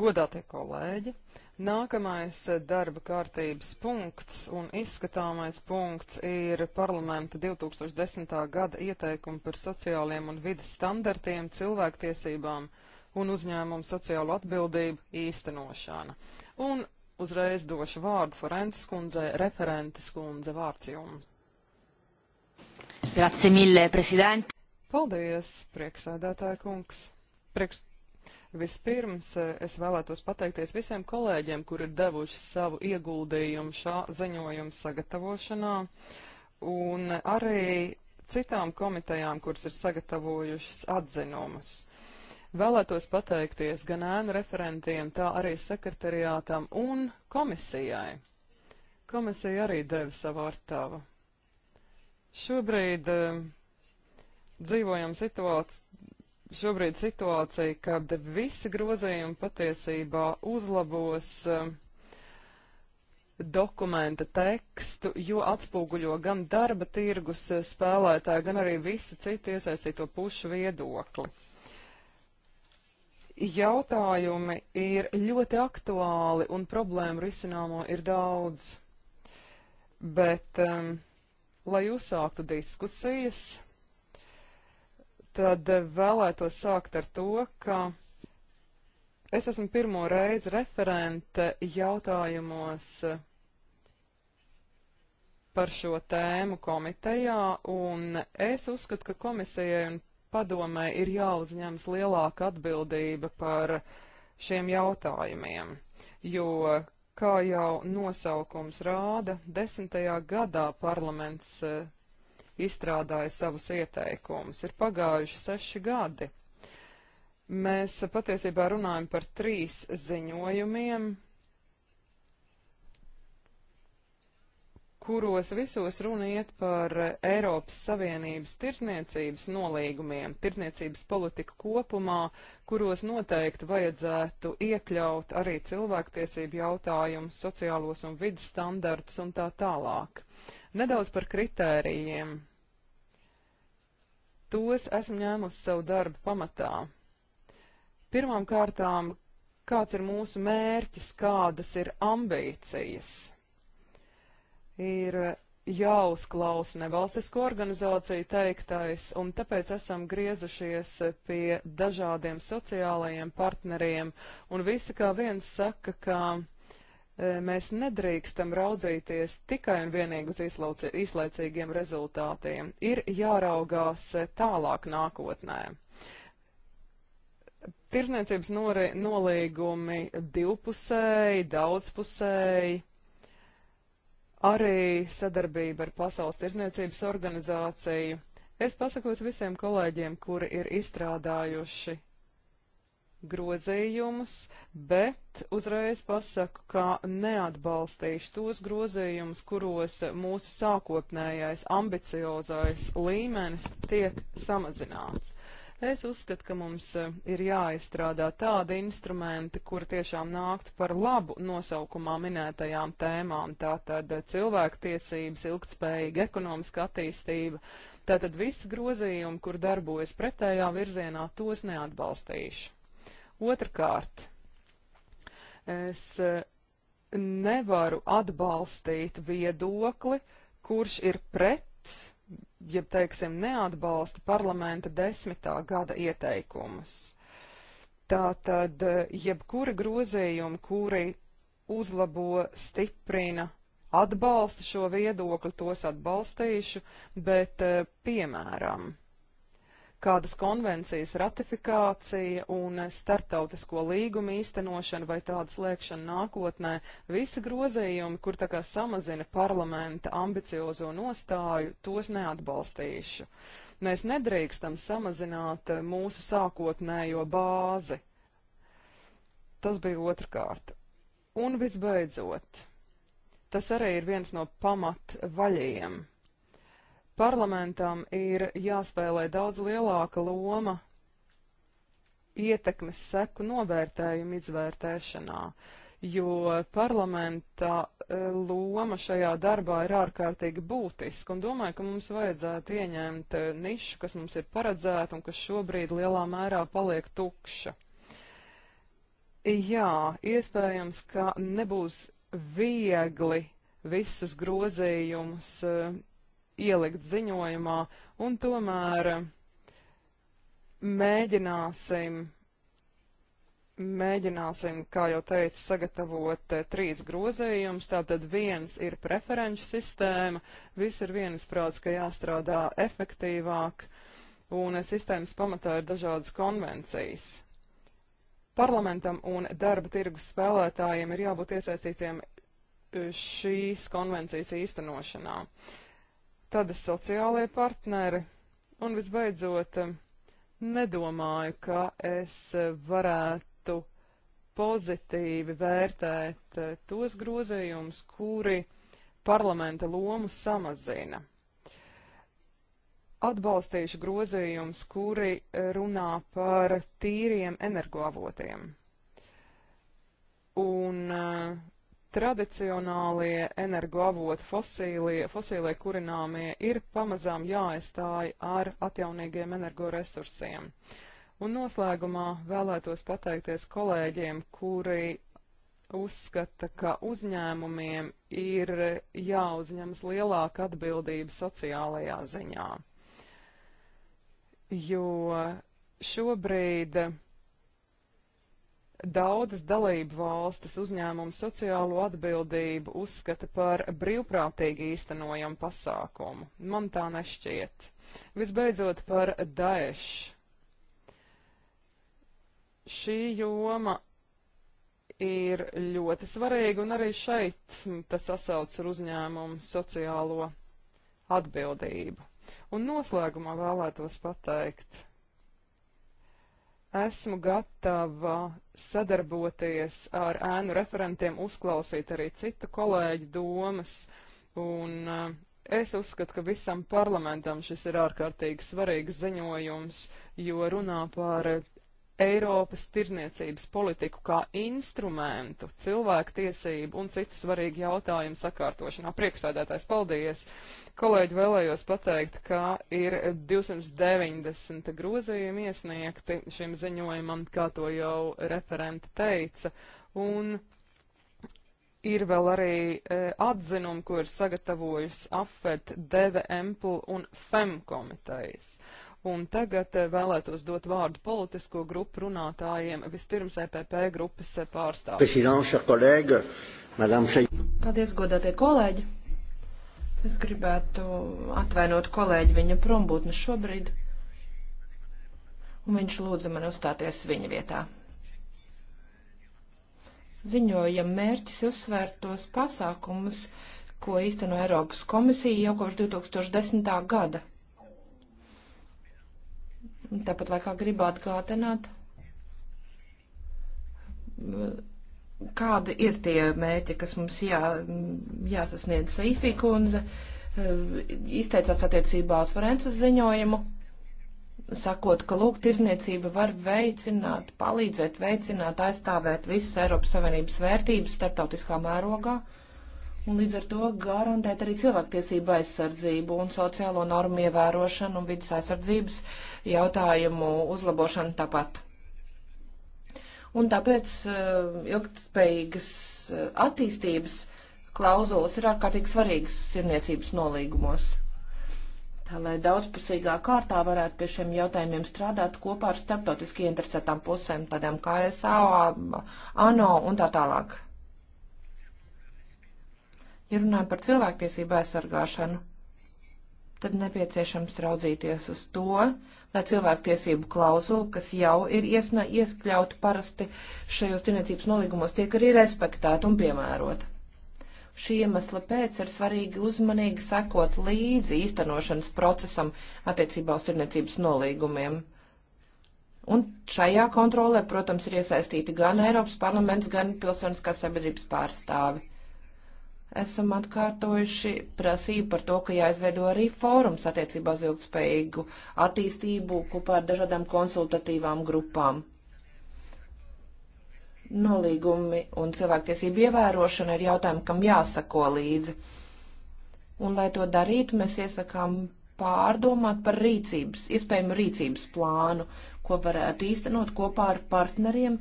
Godātie kolēģi, nākamais darba kārtības punkts un izskatāmais punkts ir parlamenta 2010. gada ieteikumi par sociāliem un vidas standartiem, cilvēktiesībām un uzņēmumu sociālo atbildību īstenošana. Un uzreiz došu vārdu Forences kundze, referentes kundze, vārds jums. Grazie mille, prezident. Paldies, prieksēdētāja kungs. Prieks... Vispirms eh, es vēlētos pateikties visiem kolēģiem, kuri ir devuši savu ieguldījumu šā ziņojuma sagatavošanā, un arī citām komitejām, kuras ir sagatavojušas atzinumus. Vēlētos pateikties gan ēnu referentiem, tā arī sekretariātam un komisijai. Komisija arī deva savu artavu. Šobrīd uh, dzīvojam situāciju, šobrīd situācija, kad visi grozījumi patiesībā uzlabos uh, dokumenta tekstu, jo atspūguļo gan darba tirgus eh, spēlētāju, gan arī visu citu iesaistīto pušu viedokli. Jautājumi ir ļoti aktuāli un problēmu risināmo ir daudz. Bet, um, lai uzsāktu diskusijas, tad vēlētos sākt ar to, ka es esmu pirmo reizi referente jautājumos par šo tēmu komitejā, un es uzskatu, ka komisijai un padomē ir jāuzņemas lielāka atbildība par šiem jautājumiem, jo, kā jau nosaukums rāda, desmitajā gadā parlaments eh, izstrādāja savus ieteikumus. Ir pagājuši seši gadi. Mēs patiesībā runājam par trīs ziņojumiem, kuros visos runa iet par Eiropas Savienības tirsniecības nolīgumiem, tirsniecības politiku kopumā, kuros noteikti vajadzētu iekļaut arī cilvēktiesību jautājumus, sociālos un vidas standartus un tā tālāk. Nedaudz par kritērijiem. Tos esmu ņēmusi savu darbu pamatā. Pirmām kārtām, kāds ir mūsu mērķis, kādas ir ambīcijas? ir jāuzklaus nevalstisko organizāciju teiktais, un tāpēc esam griezušies pie dažādiem sociālajiem partneriem, un visi kā viens saka, ka e, mēs nedrīkstam raudzīties tikai un vienīgi uz īslaicīgiem rezultātiem. Ir jāraugās tālāk nākotnē. Tirzniecības nolīgumi divpusēji, daudzpusēji arī sadarbība ar Pasaules tirzniecības organizāciju. Es pasakos visiem kolēģiem, kuri ir izstrādājuši grozījumus, bet uzreiz pasaku, ka neatbalstīšu tos grozījumus, kuros mūsu sākotnējais ambiciozais līmenis tiek samazināts. Uh, Es uzskatu, ka mums eh, ir jāizstrādā tādi instrumenti, kur tiešām nāktu par labu nosaukumā minētajām tēmām. Tātad eh, cilvēktiesības, ilgtspējīga ekonomiska attīstība. Tātad visi grozījumi, kur darbojas pretējā virzienā, tos neatbalstīšu. Otrakārt, es eh, nevaru atbalstīt viedokli, kurš ir pret ja teiksim, neatbalsta parlamenta desmitā gada ieteikumus. Tātad, jebkura grozījuma, kuri uzlabo, stiprina, atbalsta šo viedokli, tos atbalstīšu, bet, piemēram, kādas konvencijas ratifikācija un starptautisko līgumu īstenošana vai tāda slēgšana nākotnē, visi grozījumi, kur tā kā samazina parlamenta ambiciozo nostāju, tos neatbalstīšu. Mēs nedrīkstam samazināt mūsu sākotnējo bāzi. Tas bija otrkārt. Un visbeidzot, tas arī ir viens no pamatvaļiem Parlamentam ir jāspēlē daudz lielāka loma ietekmes seku novērtējumu izvērtēšanā, jo parlamenta e, loma šajā darbā ir ārkārtīgi būtiska, un domāju, ka mums vajadzētu ieņemt e, nišu, kas mums ir paredzēta un kas šobrīd lielā mērā paliek tukša. Jā, iespējams, ka nebūs viegli visus grozījumus e, ielikt ziņojumā, un tomēr mēģināsim, mēģināsim, kā jau teicu, sagatavot eh, trīs grozējumus. Tātad viens ir preferenču sistēma, viss ir vienisprāts, ka jāstrādā efektīvāk, un sistēmas pamatā ir dažādas konvencijas. Parlamentam un darba tirgus spēlētājiem ir jābūt iesaistītiem eh, šīs konvencijas īstenošanā. Uh, tad sociālie partneri, un visbeidzot, nedomāju, ka es varētu pozitīvi vērtēt tos grozījumus, kuri parlamenta lomu samazina. Atbalstīšu grozījumus, kuri runā par tīriem energoavotiem. Un uh, Tradicionālie energoavoti fosīlie, fosīlie kurināmie ir pamazām jāaizstāj ar atjaunīgiem energoresursiem. Un noslēgumā vēlētos pateikties kolēģiem, kuri uzskata, ka uzņēmumiem ir jāuzņemas lielāka atbildība sociālajā ziņā. Jo šobrīd daudzas dalību valstis uzņēmumu sociālo atbildību uzskata par brīvprātīgi īstenojamu pasākumu. Man tā nešķiet. Visbeidzot par Daešu. Šī joma ir ļoti svarīga, un arī šeit tas sasauc ar uzņēmumu sociālo atbildību. Un noslēgumā vēlētos pateikt, esmu gatava sadarboties ar ēnu referentiem, uzklausīt arī citu kolēģu domas. Un eh, es uzskatu, ka visam parlamentam šis ir ārkārtīgi svarīgs ziņojums, jo runā par Eiropas tirzniecības politiku kā instrumentu cilvēktiesību un citu svarīgu jautājumu sakārtošanā. Priekšsēdētājs, paldies! Kolēģi vēlējos pateikt, ka ir 290 grozījumi iesniegti šim ziņojumam, kā to jau referenti teica, un ir vēl arī e, atzinumi, ko ir sagatavojusi AFET, DVMPL un FEM komitejas. Uh, Un tagad eh, vēlētos dot vārdu politisko grupu runātājiem, vispirms EPP grupas eh, pārstāvjiem. Paldies, godātie kolēģi! Es gribētu atvainot kolēģi viņa prombūtnes šobrīd, un viņš lūdza man uzstāties viņa vietā. Ziņojam mērķis uzsvērt tos pasākumus, ko īsteno Eiropas komisija jau kopš 2010. gada Tāpat laikā gribu atgādināt, kādi ir tie mērķi, kas mums jā, jāsasniedz Saifī kundze. Izteicās attiecībā uz Forences ziņojumu, sakot, ka lūk, tirzniecība var veicināt, palīdzēt veicināt, aizstāvēt visas Eiropas Savienības vērtības starptautiskā mērogā. Uh, un līdz ar to garantēt arī cilvēktiesību aizsardzību un sociālo normu ievērošanu un vidas aizsardzības jautājumu uzlabošanu tāpat. Un tāpēc uh, ilgtspējīgas eh, attīstības klauzulas ir ārkārtīgi svarīgas sirniecības nolīgumos. Tā, lai daudzpusīgā kārtā varētu pie šiem jautājumiem strādāt kopā ar starptautiski interesētām pusēm, tādām kā ESA, ANO un tā tālāk. Ja runājam par cilvēktiesību aizsargāšanu, tad nepieciešams raudzīties uz to, lai cilvēktiesību klauzula, kas jau ir iesna, ieskļauta parasti šajos tirniecības nolīgumos, tiek arī respektēta un piemērota. Šī iemesla pēc ir svarīgi uzmanīgi sekot līdzi īstenošanas procesam attiecībā uz tirniecības nolīgumiem. Un šajā kontrolē, protams, ir iesaistīti gan Eiropas parlaments, gan pilsoniskās sabiedrības pārstāvi esam atkārtojuši prasību par to, ka jāizveido arī fórums attiecībā uz ilgspējīgu attīstību kopā ar dažādām konsultatīvām grupām. Nolīgumi un cilvēktiesību ievērošana ir jautājumi, kam jāsako līdzi. Un, lai to darītu, mēs iesakām pārdomāt par rīcības, iespējamu rīcības plānu, ko varētu īstenot kopā ar partneriem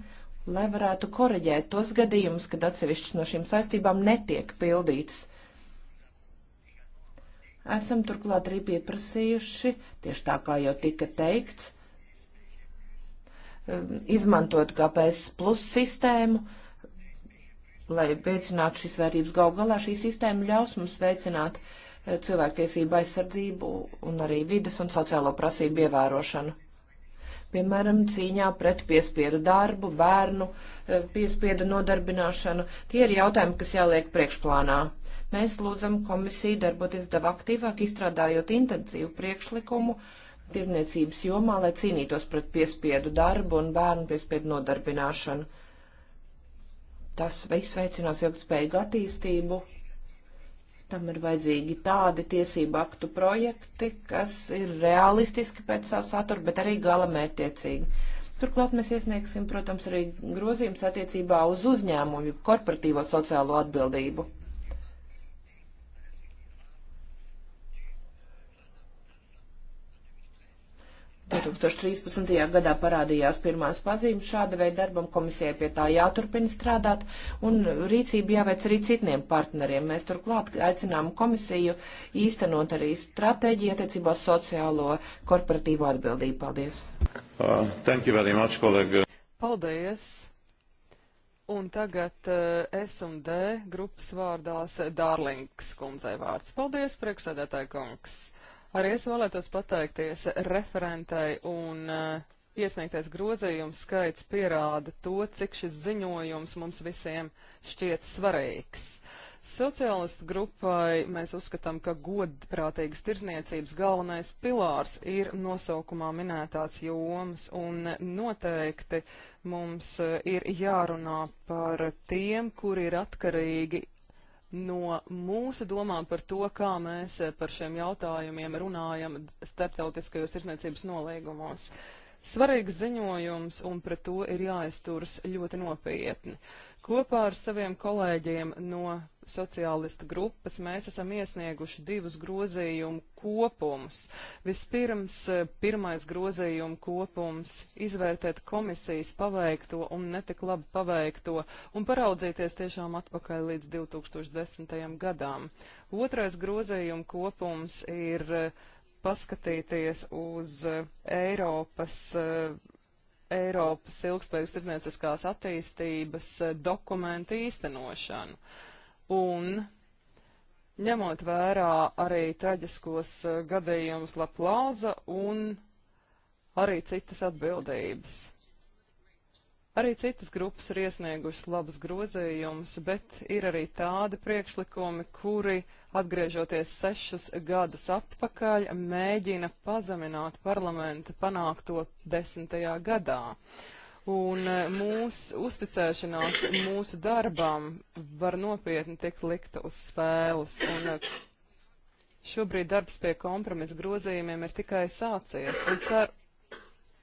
lai varētu koreģēt tos gadījumus, kad atsevišķas no šīm saistībām netiek pildītas. Esam turklāt arī pieprasījuši, tieši tā kā jau tika teikts, um, izmantot GPS plus sistēmu, lai veicinātu šīs vērtības gal galā. Šī sistēma ļaus mums veicināt uh, cilvēktiesību aizsardzību un arī vidas un sociālo prasību ievērošanu piemēram, cīņā pret piespiedu darbu, bērnu eh, piespiedu nodarbināšanu. Tie ir jautājumi, kas jāliek priekšplānā. Mēs lūdzam komisiju darboties dav aktīvāk, izstrādājot intensīvu priekšlikumu tirniecības jomā, lai cīnītos pret piespiedu darbu un bērnu piespiedu nodarbināšanu. Tas viss veicinās ilgspējīgu attīstību Tam ir vajadzīgi tādi tiesību aktu projekti, kas ir realistiski pēc savu saturu, bet arī gala mērķiecīgi. Turklāt mēs iesniegsim, protams, arī grozījums attiecībā uz uzņēmumu, korporatīvo sociālo atbildību. 2013. gadā parādījās pirmās pazīmes šāda veida darbam, komisijai pie tā jāturpina strādāt, un rīcība jāveic arī citiem partneriem. Mēs turklāt aicinām komisiju īstenot arī stratēģiju attiecībā uz sociālo korporatīvo atbildību. Paldies! Uh, thank you very much, kolēģi! Paldies! Un tagad uh, S un D grupas vārdās Dārlings kundzei vārds. Paldies, priekšsēdētāji kungs! Arī es vēlētos pateikties referentai un eh, iesniegtais grozījums skaits pierāda to, cik šis ziņojums mums visiem šķiet svarīgs. Sociālistu grupai mēs uzskatām, ka godprātīgas tirzniecības galvenais pilārs ir nosaukumā minētās jomas, un noteikti mums eh, ir jārunā par tiem, kuri ir atkarīgi no mūsu domām par to, kā mēs par šiem jautājumiem runājam starptautiskajos tirsniecības nolīgumos. Uh, Svarīgs ziņojums, un pret to ir jāizturas ļoti nopietni. Kopā ar saviem kolēģiem no sociālistu grupas mēs esam iesnieguši divus grozījumu kopumus. Vispirms, eh, pirmais grozījumu kopums - izvērtēt komisijas paveikto un netik labi paveikto un paraudzīties tiešām atpakaļ līdz 2010. gadām. Otrais grozījumu kopums ir eh, paskatīties uz eh, Eiropas, eh, Eiropas ilgspējīgas tirdzniecības attīstības eh, dokumentu īstenošanu. Un ņemot vērā arī traģiskos gadījumus Laplāza un arī citas atbildības. Arī citas grupas ir iesniegušas labus grozījumus, bet ir arī tādi priekšlikumi, kuri uh, atgriežoties sešus gadus atpakaļ, mēģina pazemināt parlamenta panākto desmitajā gadā. Un e, mūsu uzticēšanās mūsu darbam var nopietni tikt likta uz spēles. Un e, šobrīd darbs pie kompromisa grozījumiem ir tikai sācies. Un ceru,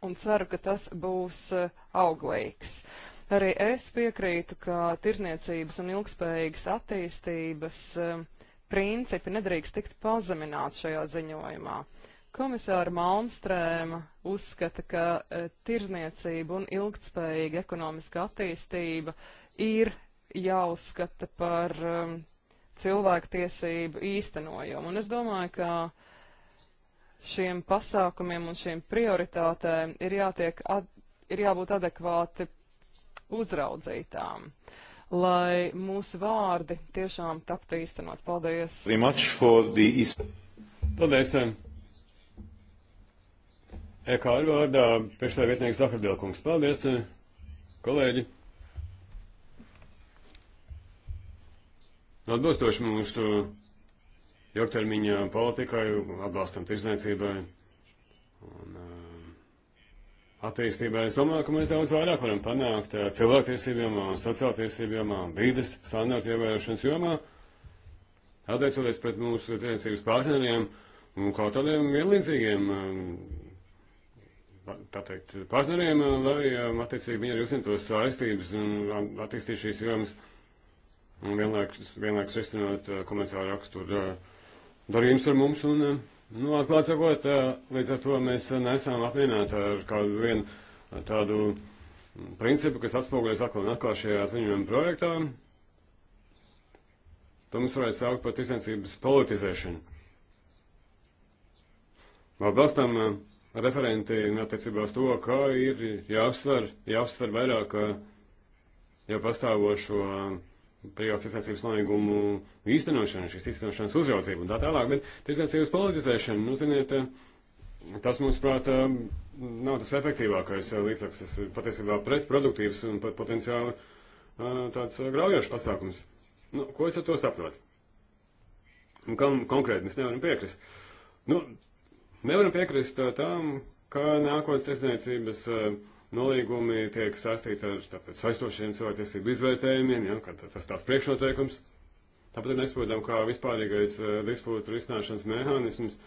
un ceru, ka tas būs e, auglīgs. Arī es piekrītu, ka tirniecības un ilgspējīgas attīstības uh, principi nedrīkst tikt pazemināti šajā ziņojumā. Komisāra Malmstrēma uzskata, ka e, tirzniecība un ilgtspējīga ekonomiska attīstība ir jāuzskata par um, e, cilvēktiesību īstenojumu. Un es domāju, ka šiem pasākumiem un šiem prioritātēm ir, jātiek, ad, ir jābūt adekvāti uzraudzītām. Uh, lai mūsu vārdi tiešām taptu īstenot. Paldies! Paldies! EKR vārdā priekšstāvvietnieks Zahardēlkungs. Paldies, eh, kolēģi! Atbilstoši mūsu ilgtermiņa politikai, atbalstam tirdzniecībai un eh, attīstībai. Es domāju, ka mēs daudz vairāk varam panākt eh, cilvēktiesību jomā, eh, sociāltiesību jomā, eh, vīdes standartu ievērošanas jomā, attiecoties pret mūsu tiesības partneriem un kaut kādiem vienlīdzīgiem, tā teikt, partneriem, lai attiecīgi viņi arī uzņemtos saistības un attīstītu šīs jomas un vienlaikus, vienlaikus risinot komerciālu raksturu darījumus ar mums un uh, Nu, atklāt sakot, līdz ar to mēs nesam apvienāti ar kādu vienu tādu principu, kas atspoguļojas atkal un atkal šajā ziņojuma projektā. To mums varētu saukt par tirsniecības politizēšanu. Atbalstam referenti attiecībā uz to, ka ir jāuzsver, jāuzsver vairāk jau pastāvošo privātas tiesniecības nolīgumu īstenošanu, šīs īstenošanas uzraudzību un tā tālāk, bet tiesniecības politizēšana, nu, ziniet, eh, tas, mūsuprāt, eh, nav tas efektīvākais eh, līdzeklis, tas ir patiesībā pretproduktīvs un pat potenciāli tāds graujošs pasākums. Nu, ko es ar to saprotu? Un nu, kam konkrēti mēs nevaram piekrist? Nu, nevaram piekrist tām, ka nākotnes tiesniecības uh, nolīgumi tiek saistīti ar tāpēc saistošiem cilvēktiesību izvērtējumiem, ja, ka tas tāds priekšnoteikums. Tāpat ir nesaprotam, kā vispārīgais uh, disputu risināšanas mehānisms,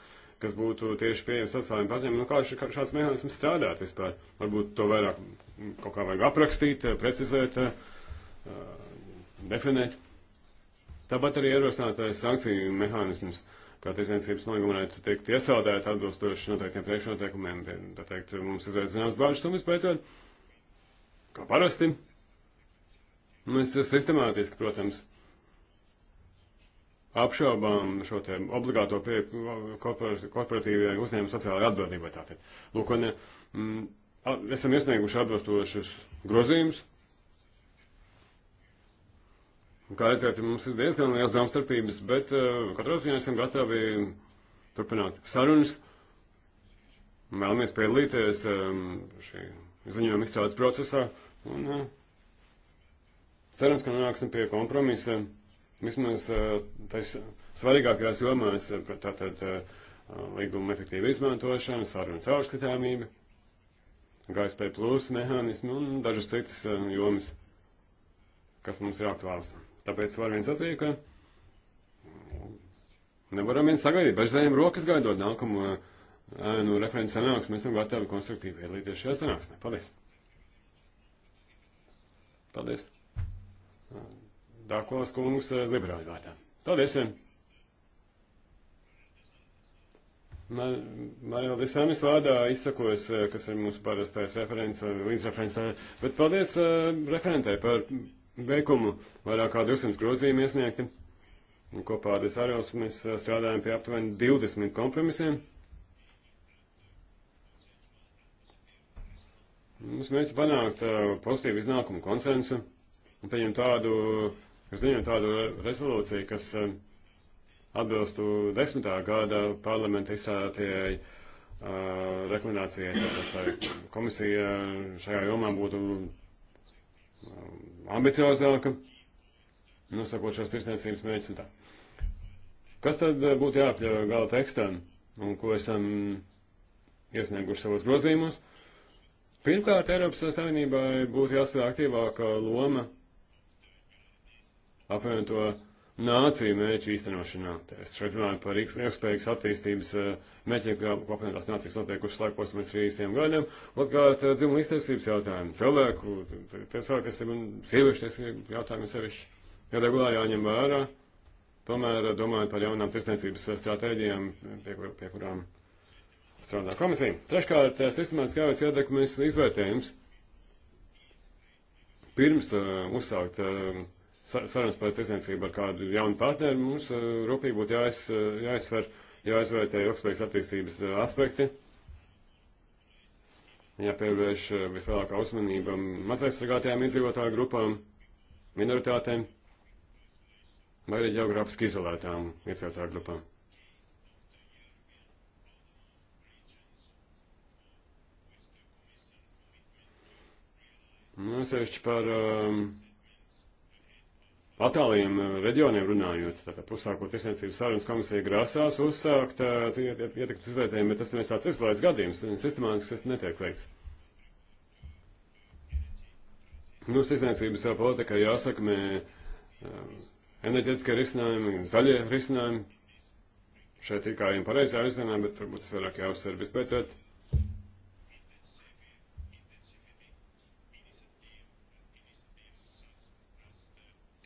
kas būtu tieši pieejams sociālajiem partneriem, nu kā šāds mehānisms strādāt vispār. Varbūt to vairāk mm, kaut kā vajag aprakstīt, eh, precizēt, uh, definēt. Tāpat arī ierosinātais sankciju mehānisms. Uh, kā tiesniecības nolīgumā tiek iesaldēti atbilstoši noteiktiem priekšnoteikumiem. Tā teikt, mums izraisināts bažas un vispēcot, kā parasti. Mēs sistemātiski, protams, apšaubām šo te obligāto pieeju korporatīvajai uzņēmumu sociālajai atbildībai. Tātad, lūk, un, mm, esam iesnieguši atbilstošus grozījumus, Un, kā redzēt, mums ir diezgan liels domstarpības, bet uh, katrā ziņā esam gatavi turpināt sarunas. Vēlamies piedalīties um, šī ziņojuma izstrādes procesā un uh, cerams, ka nonāksim pie kompromisa vismaz uh, tais svarīgākajās jomās, tātad līguma efektīva izmantošana, saruna caurskatāmība, GSP plus mehānismi un dažas citas jomas, kas mums ir aktuāls. Tāpēc var viens atzīt, ka nevaram viens sagaidīt. Bez zēm rokas gaidot nākamo eh, nu, referents sanāks, mēs esam gatavi konstruktīvi iedalīties šajā sanāksmē. Paldies! Paldies! Dākolas kungs eh, liberāļu vārdā. Paldies! Man, man jau desānis vārdā izsakojas, eh, kas ir mūsu parastais referents, līdzreferents, bet paldies referentē par veikumu. Vairāk kā 200 grozījumi iesniegti. Un kopā ar Desārjos mēs strādājam pie aptuveni 20 kompromisiem. Mums mēģina panākt pozitīvu iznākumu konsensu un pieņemt tādu, kas ziņo tādu rezolūciju, kas atbilstu desmitā gada parlamenta izstrādātajai uh, rekomendācijai. Tātad komisija šajā jomā būtu ambiciozāka, nosakot šos tirsniecības mērķus un tā. Kas tad eh, būtu jāapļauj gala tekstam un ko esam iesnieguši savos grozījumus? Pirmkārt, Eiropas Savienībai būtu jāspēlē aktīvāka loma apvienot to nāciju mērķu īstenošanā. Es šeit runāju par ilgspējīgas attīstības eh, mērķiem, kā apvienotās nācijas notiekušas laikos mēs 30 gadiem. Otkārt, eh, dzimuma iztiesības jautājumi, cilvēku, tiesākasība un sieviešu tiesību jautājumi sevišķi. Ja regulāri jāņem vērā, tomēr eh, domājot par jaunām tirsniecības stratēģijām, pie, pie kurām strādā komisija. Treškārt, sistemātiski jāveic ietekmes izvērtējums pirms uh, uzsākt uh, sarunas par tirsniecību ar kādu jaunu partneri, mums eh, rūpīgi būtu jāiz, eh, jāizsver, jāizvērtē ilgspējas attīstības eh, aspekti, jāpievērš vislielākā uzmanība mazaizsargātajām iedzīvotāju grupām, minoritātēm vai arī geogrāfiski izolētām iedzīvotāju grupām. Nu, es sevišķi par um, attāliem eh, reģioniem runājot, tātad uzsākot tiesniecības sarunas komisija grāsās uzsākt eh, ietekmes izvērtējumu, bet tas nevis tāds izklāts gadījums, sistemātisks tas netiek veikts. Mūsu tiesniecības eh, politika jāsakmē enerģētiskie risinājumi, zaļie risinājumi. Šeit ir kā jau pareizā risinājumā, bet varbūt tas vairāk jāuzsver vispēcēt.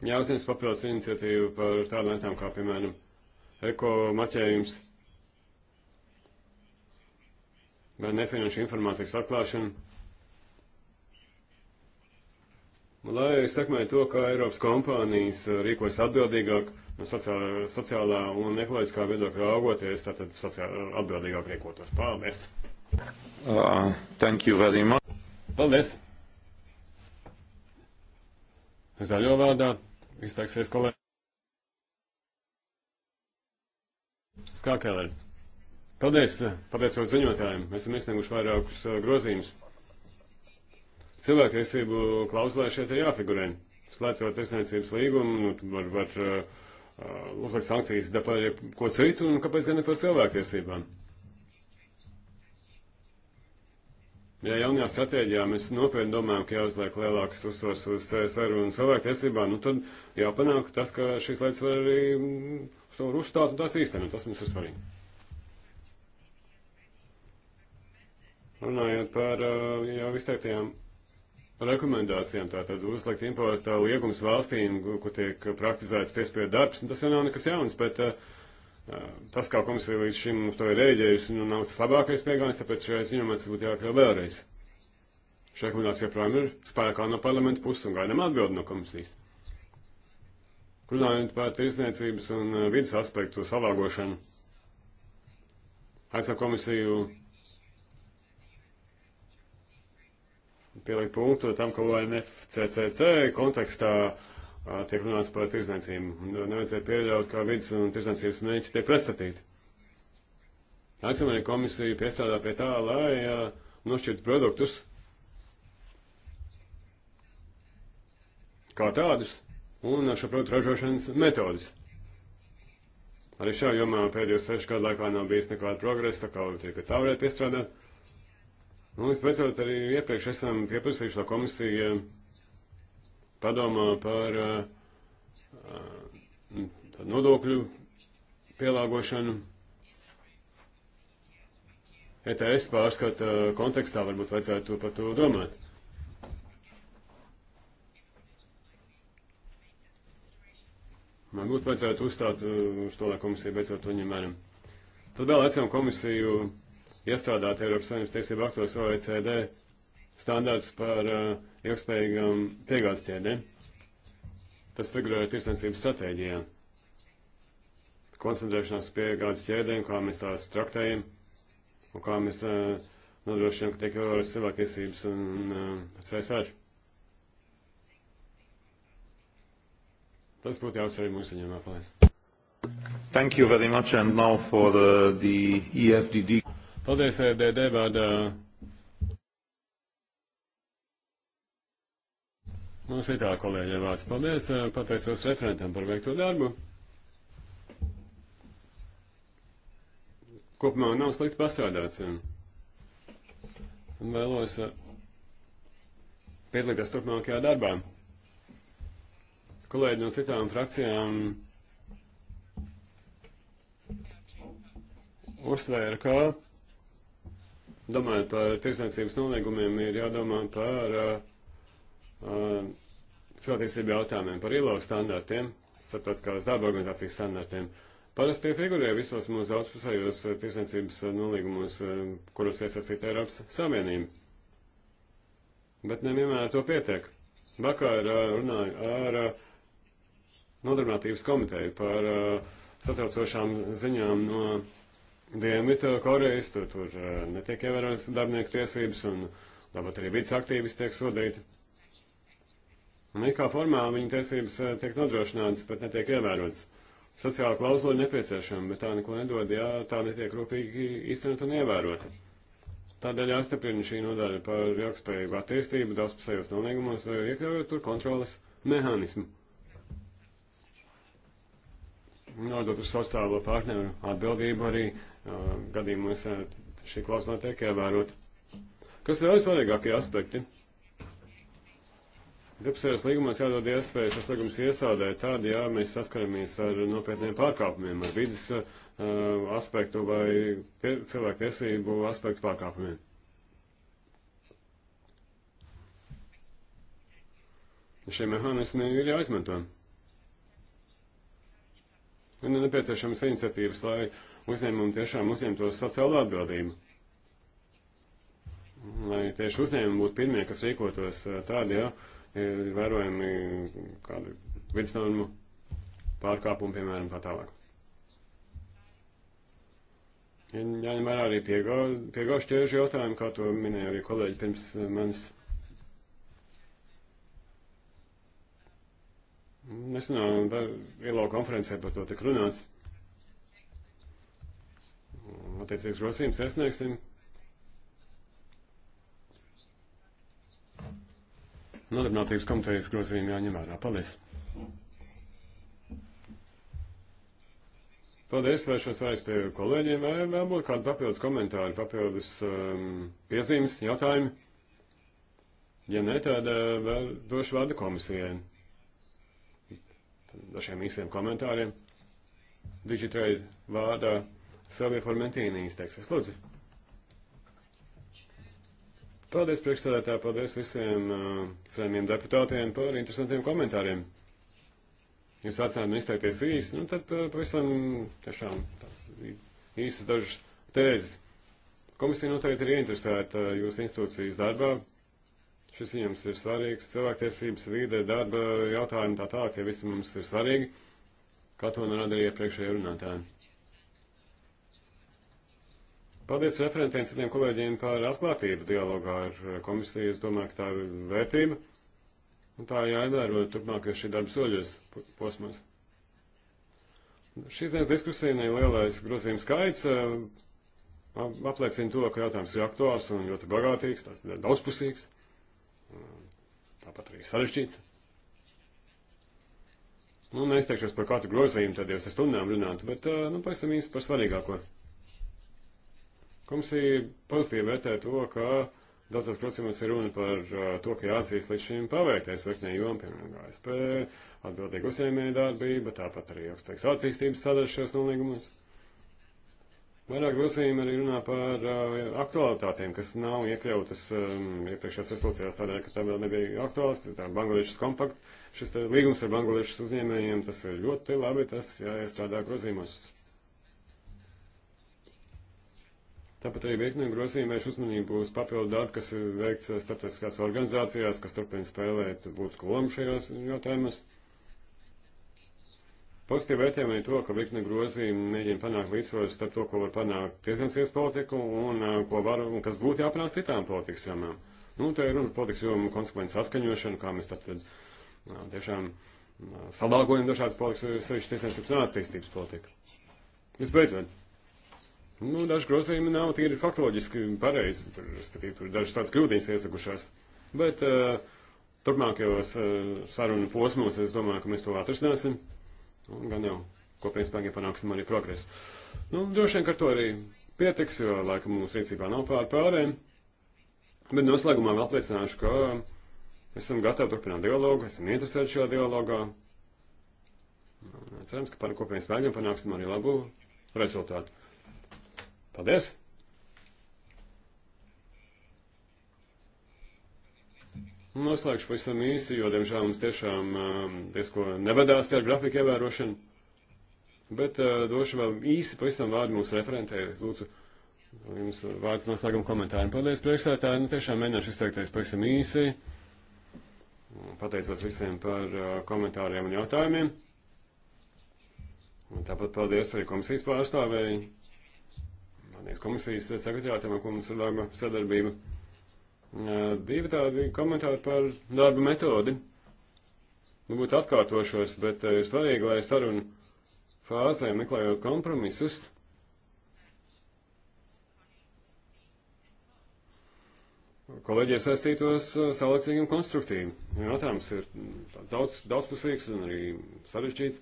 jāuzņems papildus iniciatīva par tādām lietām kā, piemēram, eko maķējums vai nefinanšu informācijas atklāšana. Lai sekmētu to, kā Eiropas kompānijas rīkojas atbildīgāk no sociālā, sociālā un ekoloģiskā viedokļa raugoties, tātad sociāli atbildīgāk rīkotos. Paldies! Uh, thank you very much. Paldies! Zaļo vārdā izteiksies kolēģi. Skākēlēļ. Paldies, paldies par ziņotājiem. Mēs esam iesnieguši vairākus eh, grozījumus. Cilvēktiesību klauzulē šeit ir jāfigurē. Slēdzot tirsniecības līgumu, nu, var, var uh, uzlikt sankcijas par ko citu, un kāpēc gan ne par cilvēktiesībām? Ja jaunajā stratēģijā mēs nopietni domājam, ka jāuzliek lielāks uzsvars uz CSR un cilvēktiesībām, nu tad jāpanāk tas, ka šīs lietas var arī mm, var uzstāt un tās īstenot. Tas mums ir svarīgi. Runājot par jau izteiktajām rekomendācijām, tātad uzlikt importā liegums valstīm, kur tiek praktizēts piespiedu darbs, nu tas jau nav nekas jauns, bet uh, tas, kā komisija līdz šim uz to ir rēģējusi, nu nav tas labākais pieejams, tāpēc šajā ziņojumā tas būtu jāiekļau vēlreiz. Šī rekomendācija joprojām ir spēkā no parlamenta puses un gaidām atbildi no komisijas. Runājot par tirsniecības un eh, vidas aspektu salāgošanu, aicinu komisiju pielikt punktu tam, ka OMFCCC kontekstā uh, tiek runāts par tirdzniecību. Nu, Nevajadzētu pieļaut, ka vidas un tirdzniecības mērķi tiek pretstatīti. Aicinām arī komisiju piestrādāt pie tā, lai uh, nošķirtu produktus kā tādus un šo produktu ražošanas metodus. Arī šajā jomā pēdējos sešu gadu laikā nav bijis nekāda progresa, tā kā tiek pie tā varētu piestrādāt. Un, vispēcot, arī iepriekš esam pieprasījuši, lai komisija uh, padomā par eh, eh, nodokļu pielāgošanu. ETS pārskata kontekstā varbūt vajadzētu par to domāt. Man būtu vajadzētu uzstāt eh, uz to, lai komisija beidzot to ņem vērā. Tad vēl aicinām komisiju iestrādāt Eiropas Savienības tiesību aktos OECD standārts par uh, ilgspējīgām piegādes ķēdēm. Tas figurēja tirsniecības stratēģijā. Koncentrēšanās piegādes ķēdēm, kā mēs tās traktējam un kā mēs uh, nodrošinām, ka tiek ievērotas cilvēktiesības un uh, CSR. Tas būtu jāuzsver arī mūsu ziņojumā, paldies. Thank you very much and now for uh, the EFDD. E paldies, EFDD vārdā. Uh, Mums ir tā kolēģiem vārds. Paldies, eh, pateicos referentam par veikto darbu. Kopumā nav slikti pastrādāts. Un vēlos eh, piedalīties turpmākajā darbā. Kolēģi no citām frakcijām uzsvēra, ka domājot par tirsniecības noliegumiem ir jādomā par uh, Uh, cilvēktiesību jautājumiem, par ILO standartiem, starptautiskās darba organizācijas standartiem. Parasti tie figurē visos mūsu daudzpusējos uh, tirsniecības uh, nolīgumos, kuros iesaistīta Eiropas Savienība. Bet nevienmēr to pietiek. Vakar runāju ar nodarbinātības komiteju par satraucošām ziņām no Dienvidu Korejas, tur, tur netiek ievērotas darbinieku tiesības un tāpat arī vidas aktīvis tiek sodīti. Un ikā formā viņa tiesības eh, tiek nodrošinātas, bet netiek ievērotas. Sociāla klauzula ir nepieciešama, bet tā neko nedod, ja tā netiek rūpīgi īstenot un ievērot. Tādēļ jāstiprina šī nodaļa par ilgspējību attīstību daudzpusējos nolīgumos, eh, iekļaujot tur kontrolas mehānismu. Nodot uz savstāvo partneru atbildību arī uh, gadījumos šī klauzula tiek ievērota. Kas ir vēl svarīgākie aspekti? Debesēras līgumās jādod iespēju šos līgumus iesādēt tādi, ja mēs saskaramies ar nopietniem pārkāpumiem, ar vidas uh, aspektu vai tie, cilvēku tiesību aspektu pārkāpumiem. Šie mehānismi ir jāizmanto. Ir nepieciešamas iniciatīvas, lai uzņēmumi tiešām uzņemtos sociālo atbildību. Lai tieši uzņēmumi būtu pirmie, kas rīkotos eh, tādi, ja, uh, ir vērojami kādi vidusnormu pārkāpumi, piemēram, tā tālāk. Ja jāņem vērā arī piegājuši ķēžu jautājumu, kā to minēja arī kolēģi pirms manis. Nesenā ILO konferencē par to tik runāts. Attiecīgs grozījums iesniegsim nodarbinātības komitejas grozījumi jāņem vērā. Paldies! Paldies, vēršos vairs pie kolēģiem. Vai vēl būtu kādi papildus komentāri, papildus um, piezīmes, jautājumi? Ja nē, tad uh, vēl došu vārdu komisijai. Dažiem īsiem komentāriem. Digitrade vārdā Silvija Formentīnī izteiksies. Lūdzu. Paldies, priekšstādētāji, paldies visiem uh, saimiem deputātiem par interesantiem komentāriem. Jūs atsākat man nu izteikties īsti, nu tad uh, pavisam tiešām tās īstas dažas tēzes. Komisija noteikti ir ieinteresēta jūsu institūcijas darbā. Šis jums ir svarīgs. Cilvēktiesības vīde, darba jautājumi tā tālāk, ja visi mums ir svarīgi, kā to norādīja iepriekšējie runātāji. Paldies referentiem, citiem kolēģiem par atklātību dialogā ar komisiju. Es domāju, ka tā ir vērtība. Un tā jāievēro turpmākajos šī darba soļos posmos. Šīs dienas diskusijai lielais grozījums skaits uh, apliecina to, ka jautājums ir aktuāls un ļoti bagātīgs, tas ir daudzpusīgs, tāpat arī sarežģīts. Nu, neizteikšos par katru grozījumu, tad jau es stundām runātu, bet, uh, nu, pavisam īsti par svarīgāko. Komisija pozitīvi vērtē to, ka daudzos procesos ir runa par uh, to, ka jāatzīst līdz šim paveiktais virknē jom, piemēram, ASP, atbildīga uzņēmēja darbība, tāpat arī ilgspējas attīstības sadaļas nolīgumus. Vairāk grozījumi arī runā par uh, aktualitātēm, kas nav iekļautas um, iepriekšējās rezolūcijās, tādēļ, ka tā vēl nebija aktuāls. Tā ir Bangladešas kompakt. Šis līgums ar Bangladešas uzņēmējiem, tas ir ļoti labi, tas jāiestrādā grozījumos. Tāpat arī veikniem grozījumēšu uzmanību uz papildu darbu, kas ir veikts eh, starptautiskās organizācijās, kas turpina spēlēt būtisku lomu šajos jautājumus. Pozitīvi vērtējumi arī to, ka virkne grozījumi mēģina panākt līdzsvaru starp to, ko var panākt tiesnesības politiku un eh, ko var un kas būtu jāpanāk citām politikas jomām. Nu, te ir runa par politikas jomu konsekventu saskaņošanu, kā mēs tad, tad eh, tiešām salāgojam dažādas politikas, sevišķi tiesnesības un attīstības politiku. Visbeidzot, Nu, daži grozījumi nav tīri faktoloģiski pareizi, tur, respektīvi, tur dažas tādas kļūdīnas iesakušās. Bet uh, turpmākajos uh, sarunu posmos es domāju, ka mēs to atrisināsim. Un gan jau kopējiem spēkiem panāksim arī progresu. Nu, droši vien, ka ar to arī pietiks, jo laika mūsu rīcībā nav pār pārējiem. Bet noslēgumā vēl apliecināšu, ka esam gatavi turpināt dialogu, esam interesēti šajā dialogā. Cerams, ka par kopējiem spēkiem panāksim arī labu rezultātu. Paldies! Noslēgšu nu, pavisam īsi, jo, diemžēl, mums tiešām um, diezko nevedās ar grafiku ievērošanu. Bet uh, došu vēl īsi pavisam vārdu mūsu referentē. Lūdzu, jums vārds noslēguma komentāriem. Paldies, priekšsētāji. Nu, tiešām mēģināšu izteikties pavisam īsi. Pateicos visiem par uh, komentāriem un jautājumiem. Un tāpat paldies arī komisijas pārstāvēji Paldies komisijas sekretārātam, ar ko mums ir laba sadarbība. Divi tādi komentāri par darba metodi. Nu, būtu atkārtošos, bet ir svarīgi, lai sarunu fāzē meklējot kompromisus. Kolēģi iesaistītos saulēcīgi un konstruktīvi. Jautājums ir daudz, daudzpusīgs un arī sarežģīts.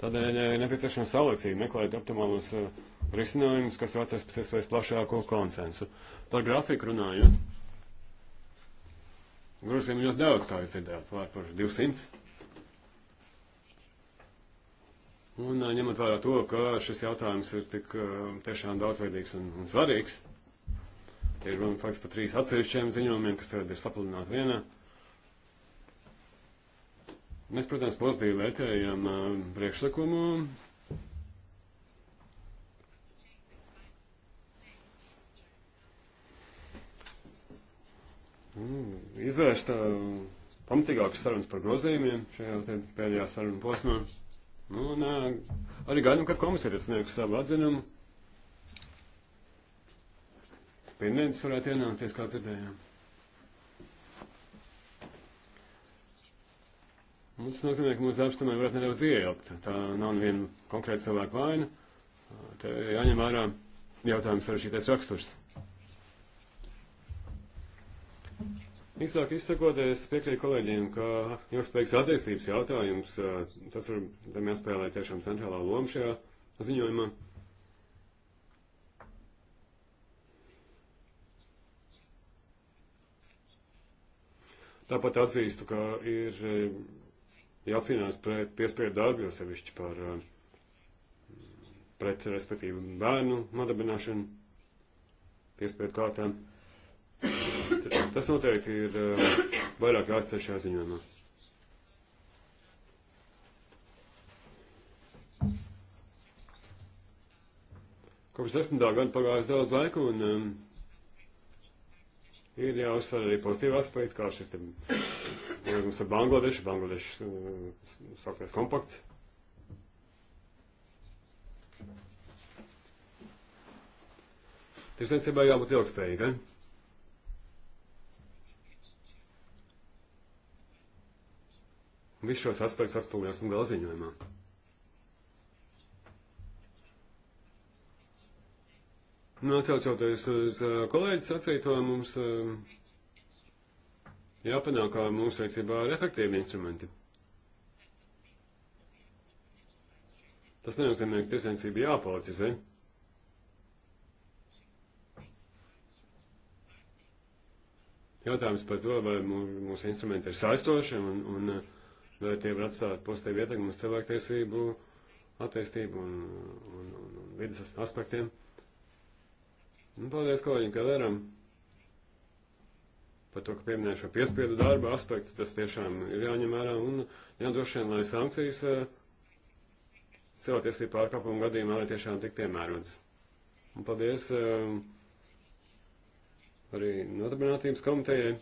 Tādēļ nepieciešams saulēcīgi meklēt optimālus uh, risinājumus, kas var atrast pēc iespējas plašāko konsensu. Par grafiku runājot. Grūzīm ļoti daudz, kā jūs dzirdējāt, pār par 200. Un ņemot vērā to, ka šis jautājums ir tik tiešām daudzveidīgs un, un svarīgs, ir runa faktiski par trīs atsevišķiem ziņojumiem, kas tagad ir sapludināti vienā. Mēs, protams, pozitīvi vērtējam priekšlikumu Mm, izvērst um, pamatīgākas sarunas par grozījumiem šajā pēdējā sarunu posmā. Nu, un uh, arī gaidām, kad komisija sniegs savu atzinumu. Pirmdienas varētu ienākties, kā dzirdējām. Un nu, tas nozīmē, ka mūsu darbs tomēr varētu nedaudz ieilgt. Tā nav viena konkrēta cilvēka vaina. Te jāņem vērā jautājums ar šītais raksturs. Īsāk izsakoties, piekrītu kolēģiem, ka ilgspējīgas attīstības jautājums, tas var, tam jāspēlē tiešām centrālā loma šajā ziņojumā. Tāpat atzīstu, ka ir jācīnās pret piespiedu darbu, jo sevišķi par pret, respektīvi, bērnu madabināšanu piespiedu kārtām. Tas noteikti ir eh, vairāk jāizceļ šajā ziņojumā. Kopš desmitā gada pagājis daudz laika, un um, ir jāuzsver arī pozitīvi aspekti, kā šis te mums ir Bangladeša, Bangladešas uh, sāktais kompakts. Tirsniecībai jābūt ilgspējīgai. Eh? Visus šos aspektus atspūgļosim gala ziņojumā. Nu, atcaucoties uz uh, kolēģi sacīto, mums uh, jāpanāk, kā mūsu veicībā ir efektīvi instrumenti. Tas nenozīmē, ka tirsniecība jāpolitizē. Jautājums par to, vai mūsu instrumenti ir saistoši un, un, un uh, lai tie var atstāt pozitīvu ietekmi uz cilvēktiesību, attīstību un, un, un, un vidas aspektiem. Un nu, paldies kolēģim Kaderam par to, ka pieminēju šo piespiedu darba aspektu, tas tiešām ir jāņem vērā un jādroši vien, lai sankcijas eh, cilvēktiesību pārkāpumu gadījumā arī tiešām tik piemērotas. Un paldies eh, arī nodarbinātības komitejai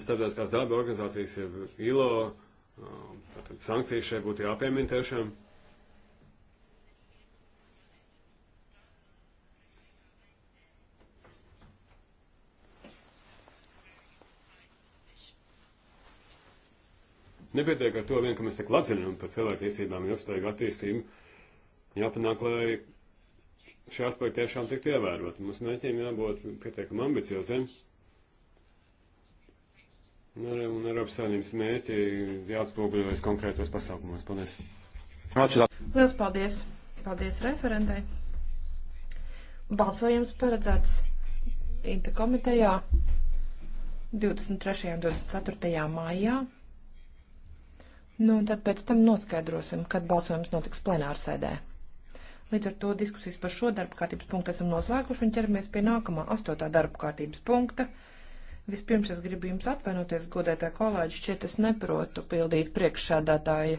starptautiskās darba organizācijas, ja ILO, um, tātad sankcijas šeit būtu jāpiemina tiešām. Nepietiek ar to vien, ka mēs tik ladzinām par cilvēktiesībām un ilgspējīgu attīstību. Jāpanāk, lai šie aspekti tiešām tiktu ievēroti. Mums mēķiem jābūt pietiekami ambicioziem. Ja? Nu, un Eiropas Savienības mērķi jāatspoguļojas konkrētos pasaukumos. Paldies. Lielas paldies. Paldies referentai. Balsojums paredzēts Inta komitejā 23. un 24. maijā. Nu, un tad pēc tam noskaidrosim, kad balsojums notiks plenārsēdē. Līdz ar to diskusijas par šo darba kārtības punktu esam noslēguši un ķeramies pie nākamā astotā darba kārtības punkta. Vispirms es gribu jums atvainoties, godētā kolēģi, šķiet es neprotu pildīt priekšsādātāja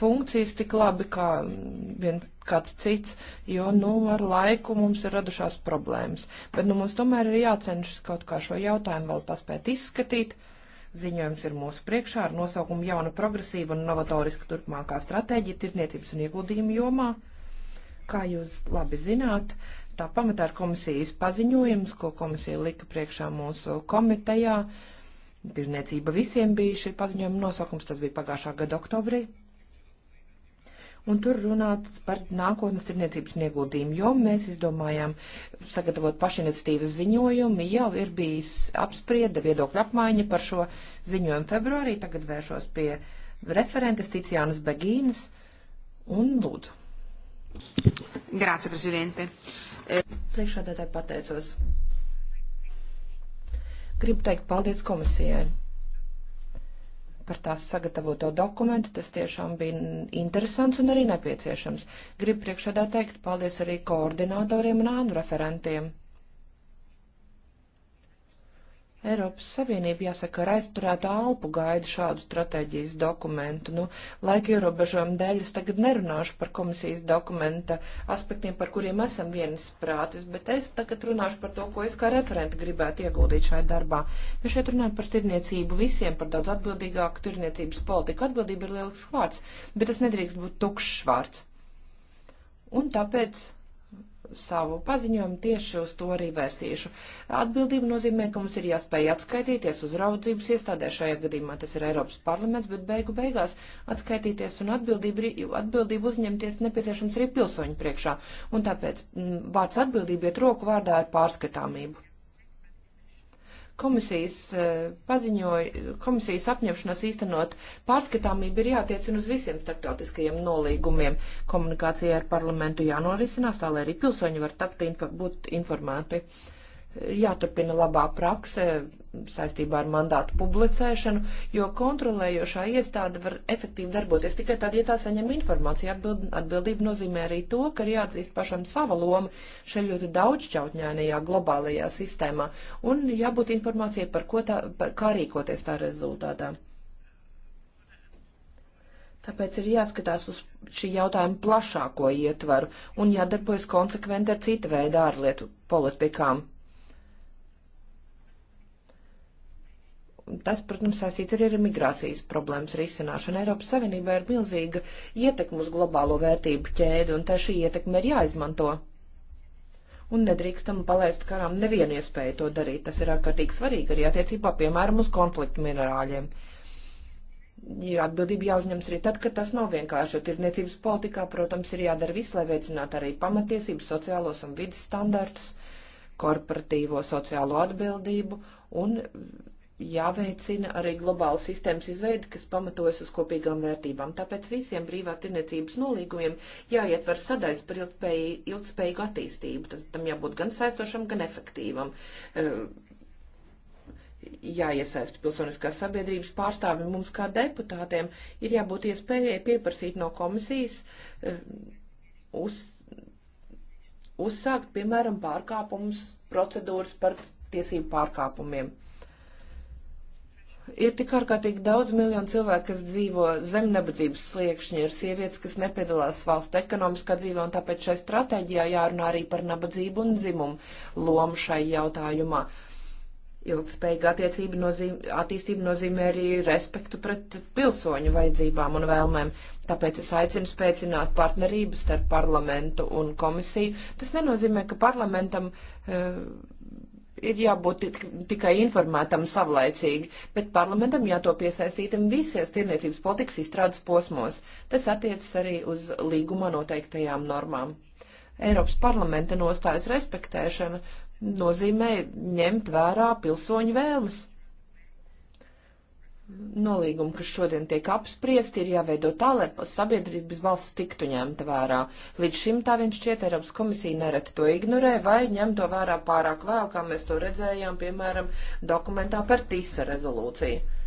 funkcijas tik labi kā mm, viens kāds cits, jo, nu, ar laiku mums ir radušās problēmas. Bet, nu, mums tomēr ir jācenšas kaut kā šo jautājumu vēl paspēt izskatīt. Ziņojums ir mūsu priekšā ar nosaukumu jauna progresīva un novatoriska turpmākā stratēģija tirniecības un ieguldījumu jomā. Kā jūs labi zināt, uh, tā pamatā ir komisijas paziņojums, ko komisija lika priekšā mūsu komitejā. Tirniecība visiem bija šī paziņojuma nosaukums, tas bija pagājušā gada oktobrī. Un tur runāts par nākotnes tirniecības ieguldījumu, jo mēs izdomājām sagatavot pašiniciatīvas ziņojumu. Jau ir bijis apsprieda viedokļa apmaiņa par šo ziņojumu februārī. Tagad vēršos pie referentes Ticijānas Begīnas un lūdzu. Grazie, prezidente. Uh, Priekšādātāji pateicos. Gribu teikt paldies komisijai par tās sagatavoto dokumentu. Tas tiešām bija interesants un arī nepieciešams. Gribu priekšādā teikt paldies arī koordinātoriem un ānu referentiem Eiropas Savienība, jāsaka, ar aizturētu alpu gaida šādu stratēģijas dokumentu. Nu, laika ierobežojumu dēļ es tagad nerunāšu par komisijas dokumenta aspektiem, par kuriem esam vienas prātis, bet es tagad runāšu par to, ko es kā referenta gribētu ieguldīt šajā darbā. Mēs šeit runājam par tirniecību visiem, par daudz atbildīgāku tirniecības politiku. Atbildība ir lielisks vārds, bet tas nedrīkst būt tukšs vārds. Un tāpēc savu paziņojumu tieši uz to arī vērsīšu. Atbildība nozīmē, ka mums ir jāspēj atskaitīties uzraudzības iestādē, šajā gadījumā tas ir Eiropas parlaments, bet beigu beigās atskaitīties un atbildību, atbildību uzņemties nepieciešams arī pilsoņu priekšā. Un tāpēc m, mm, vārds atbildība iet roku vārdā ar pārskatāmību komisijas eh, paziņoja, komisijas apņemšanās īstenot pārskatāmību ir jātiecina uz visiem starptautiskajiem nolīgumiem. Komunikācija ar parlamentu jānorisinās tā, lai arī pilsoņi var tapt, būt informēti. Uh, jāturpina labā prakse saistībā ar mandātu publicēšanu, jo kontrolējošā iestāde var efektīvi darboties tikai tad, ja tā saņem informāciju. Atbild, atbildība nozīmē arī to, ka ir jāatzīst pašam sava loma šajā ļoti daudzšķautņainajā globālajā sistēmā un jābūt informācijai par, ko tā, par kā rīkoties tā rezultātā. Tāpēc ir jāskatās uz šī jautājuma plašāko ietvaru un jādarbojas konsekventi ar cita veida ārlietu politikām. tas, protams, saistīts arī ar migrācijas problēmas risināšanu. Eiropas Savienībā ir milzīga ietekme uz globālo vērtību ķēdi, un tā šī ietekme ir jāizmanto. Un nedrīkstam palaist karām nevienu iespēju to darīt. Tas ir ārkārtīgi svarīgi arī attiecībā, piemēram, uz konfliktu minerāļiem. Ja atbildība jāuzņems arī tad, kad tas nav vienkārši, jo tirniecības politikā, protams, ir jādara viss, lai veicinātu arī pamatiesības, sociālos un vidas standartus, korporatīvo sociālo atbildību un jāveicina arī globāla sistēmas izveida, kas pamatojas uz kopīgām vērtībām. Tāpēc visiem brīvā tirniecības nolīgumiem jāietver sadaļas par ilgspēju, ilgspējīgu attīstību. Tas tam jābūt gan saistošam, gan efektīvam. E, jāiesaist pilsoniskās sabiedrības pārstāvi mums kā deputātiem ir jābūt iespējai pieprasīt no komisijas e, uz, uzsākt, piemēram, pārkāpumus, procedūras par tiesību pārkāpumiem ir tik ārkārtīgi daudz miljonu cilvēku, kas dzīvo zem nebadzības sliekšņa, ir sievietes, kas nepiedalās valsts ekonomiskā dzīvē, un tāpēc šai stratēģijā jārunā arī par nabadzību un dzimumu lomu šai jautājumā. Ilgspējīga attiecība nozīmē, attīstība nozīmē arī respektu pret pilsoņu vajadzībām un vēlmēm, tāpēc es aicinu spēcināt partnerību starp parlamentu un komisiju. Tas nenozīmē, ka parlamentam. Uh, e ir jābūt tik, tikai informētam savlaicīgi, bet parlamentam jāto piesaistītam visies tirniecības politikas izstrādes posmos. Tas attiecas arī uz līgumā noteiktajām normām. Eiropas parlamenta nostājas respektēšana nozīmē ņemt vērā pilsoņu vēlmes nolīgumi, kas šodien tiek apspriesti, ir jāveido tā, lai sabiedrības balss tiktu ņemta vērā. Līdz šim tā viņš šķiet Eiropas komisija nereti to ignorē vai ņem to vērā pārāk vēl, kā mēs to redzējām, piemēram, dokumentā par TISA rezolūciju.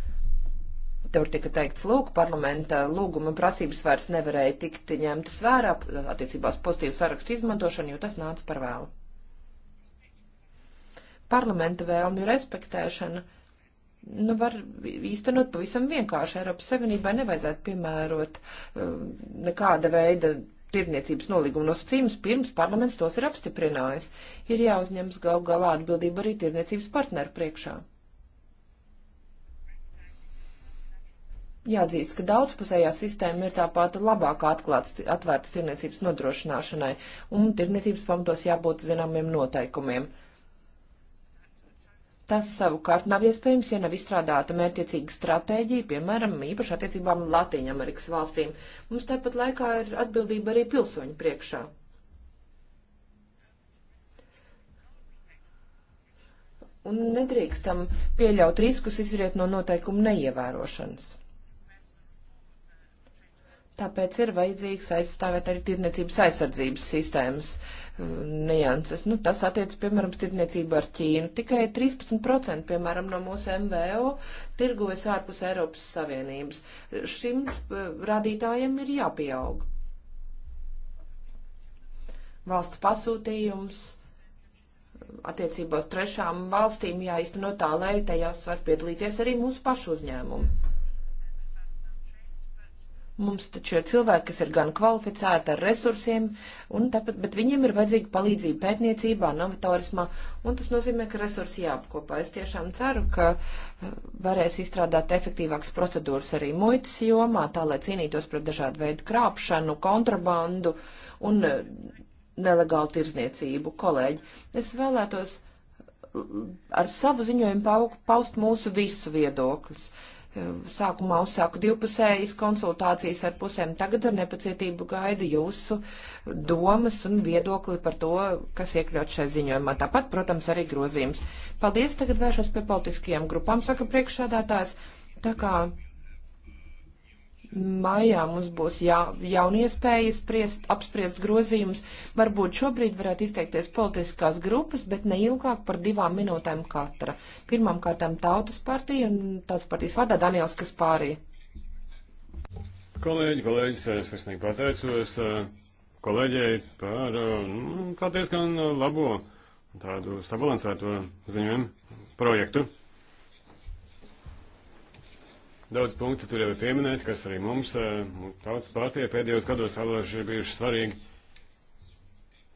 Tur tika teikts, lūk, parlamenta lūguma prasības vairs nevarēja tikt ņemtas vērā attiecībās pozitīvu sarakstu izmantošanu, jo tas nāca par vēlu. Parlamenta vēlmju respektēšana nu, var īstenot pavisam vienkārši. Eiropas Savienībai nevajadzētu piemērot um, nekāda veida tirdzniecības nolīguma nosacījumus, pirms parlaments tos ir apstiprinājis. Ir jāuzņems gal galā atbildība arī tirdzniecības partneru priekšā. Jāatzīst, ka daudzpusējā sistēma ir tā pati labākā atklāts, atvērtas tirniecības nodrošināšanai, un tirniecības pamatos jābūt zināmiem noteikumiem. Uh, Tas savukārt nav iespējams, ja nav izstrādāta mērķiecīga stratēģija, piemēram, īpaši attiecībām Latīņamerikas valstīm. Mums tāpat laikā ir atbildība arī pilsoņu priekšā. Un nedrīkstam pieļaut riskus izriet no noteikumu neievērošanas. Tāpēc ir vajadzīgs aizstāvēt arī tirniecības aizsardzības sistēmas uh, nianses. Nu, tas attiecas, piemēram, tirdzniecību ar Ķīnu. Tikai 13%, piemēram, no mūsu MVO tirgojas ārpus Eiropas Savienības. Šim eh, rādītājiem ir jāpieaug. Valsts pasūtījums eh, attiecībā uz trešām valstīm jāizteno tā, lai tajās var piedalīties arī mūsu pašu uzņēmumi. Mums taču ir cilvēki, kas ir gan kvalificēti ar resursiem, tāpat, bet viņiem ir vajadzīga palīdzība pētniecībā, novatorismā, un tas nozīmē, ka resursi jāapkopā. Es tiešām ceru, ka eh, varēs izstrādāt efektīvākas procedūras arī muitas jomā, tā lai cīnītos pret dažādu veidu krāpšanu, kontrabandu un eh, nelegālu tirzniecību. Kolēģi, es vēlētos eh, ar savu ziņojumu paust mūsu visu viedokļus. Sākumā uzsāku divpusējas konsultācijas ar pusēm, tagad ar nepacietību gaidu jūsu domas un viedokli par to, kas iekļaut šajā ziņojumā. Tāpat, protams, arī grozījums. Paldies, tagad vēršos pie politiskajām grupām, saka priekšsādātājs. Tā kā Maijā mums būs jā, jauna iespēja spriest, apspriest grozījumus. Varbūt šobrīd varētu izteikties politiskās grupas, bet ne ilgāk par divām minūtēm katra. Pirmām kārtām tautas partija un tautas partijas vārdā Daniels Kaspārī. Kolēģi, kolēģis, es sirsnīgi pateicos eh, kolēģei par eh, nu, kā diezgan labo tādu sabalansēto ziņojumu projektu. Daudz punktu tur jau ir pieminēti, kas arī mums, eh, tautas pārtie, pēdējos gados alaži ir bijuši svarīgi.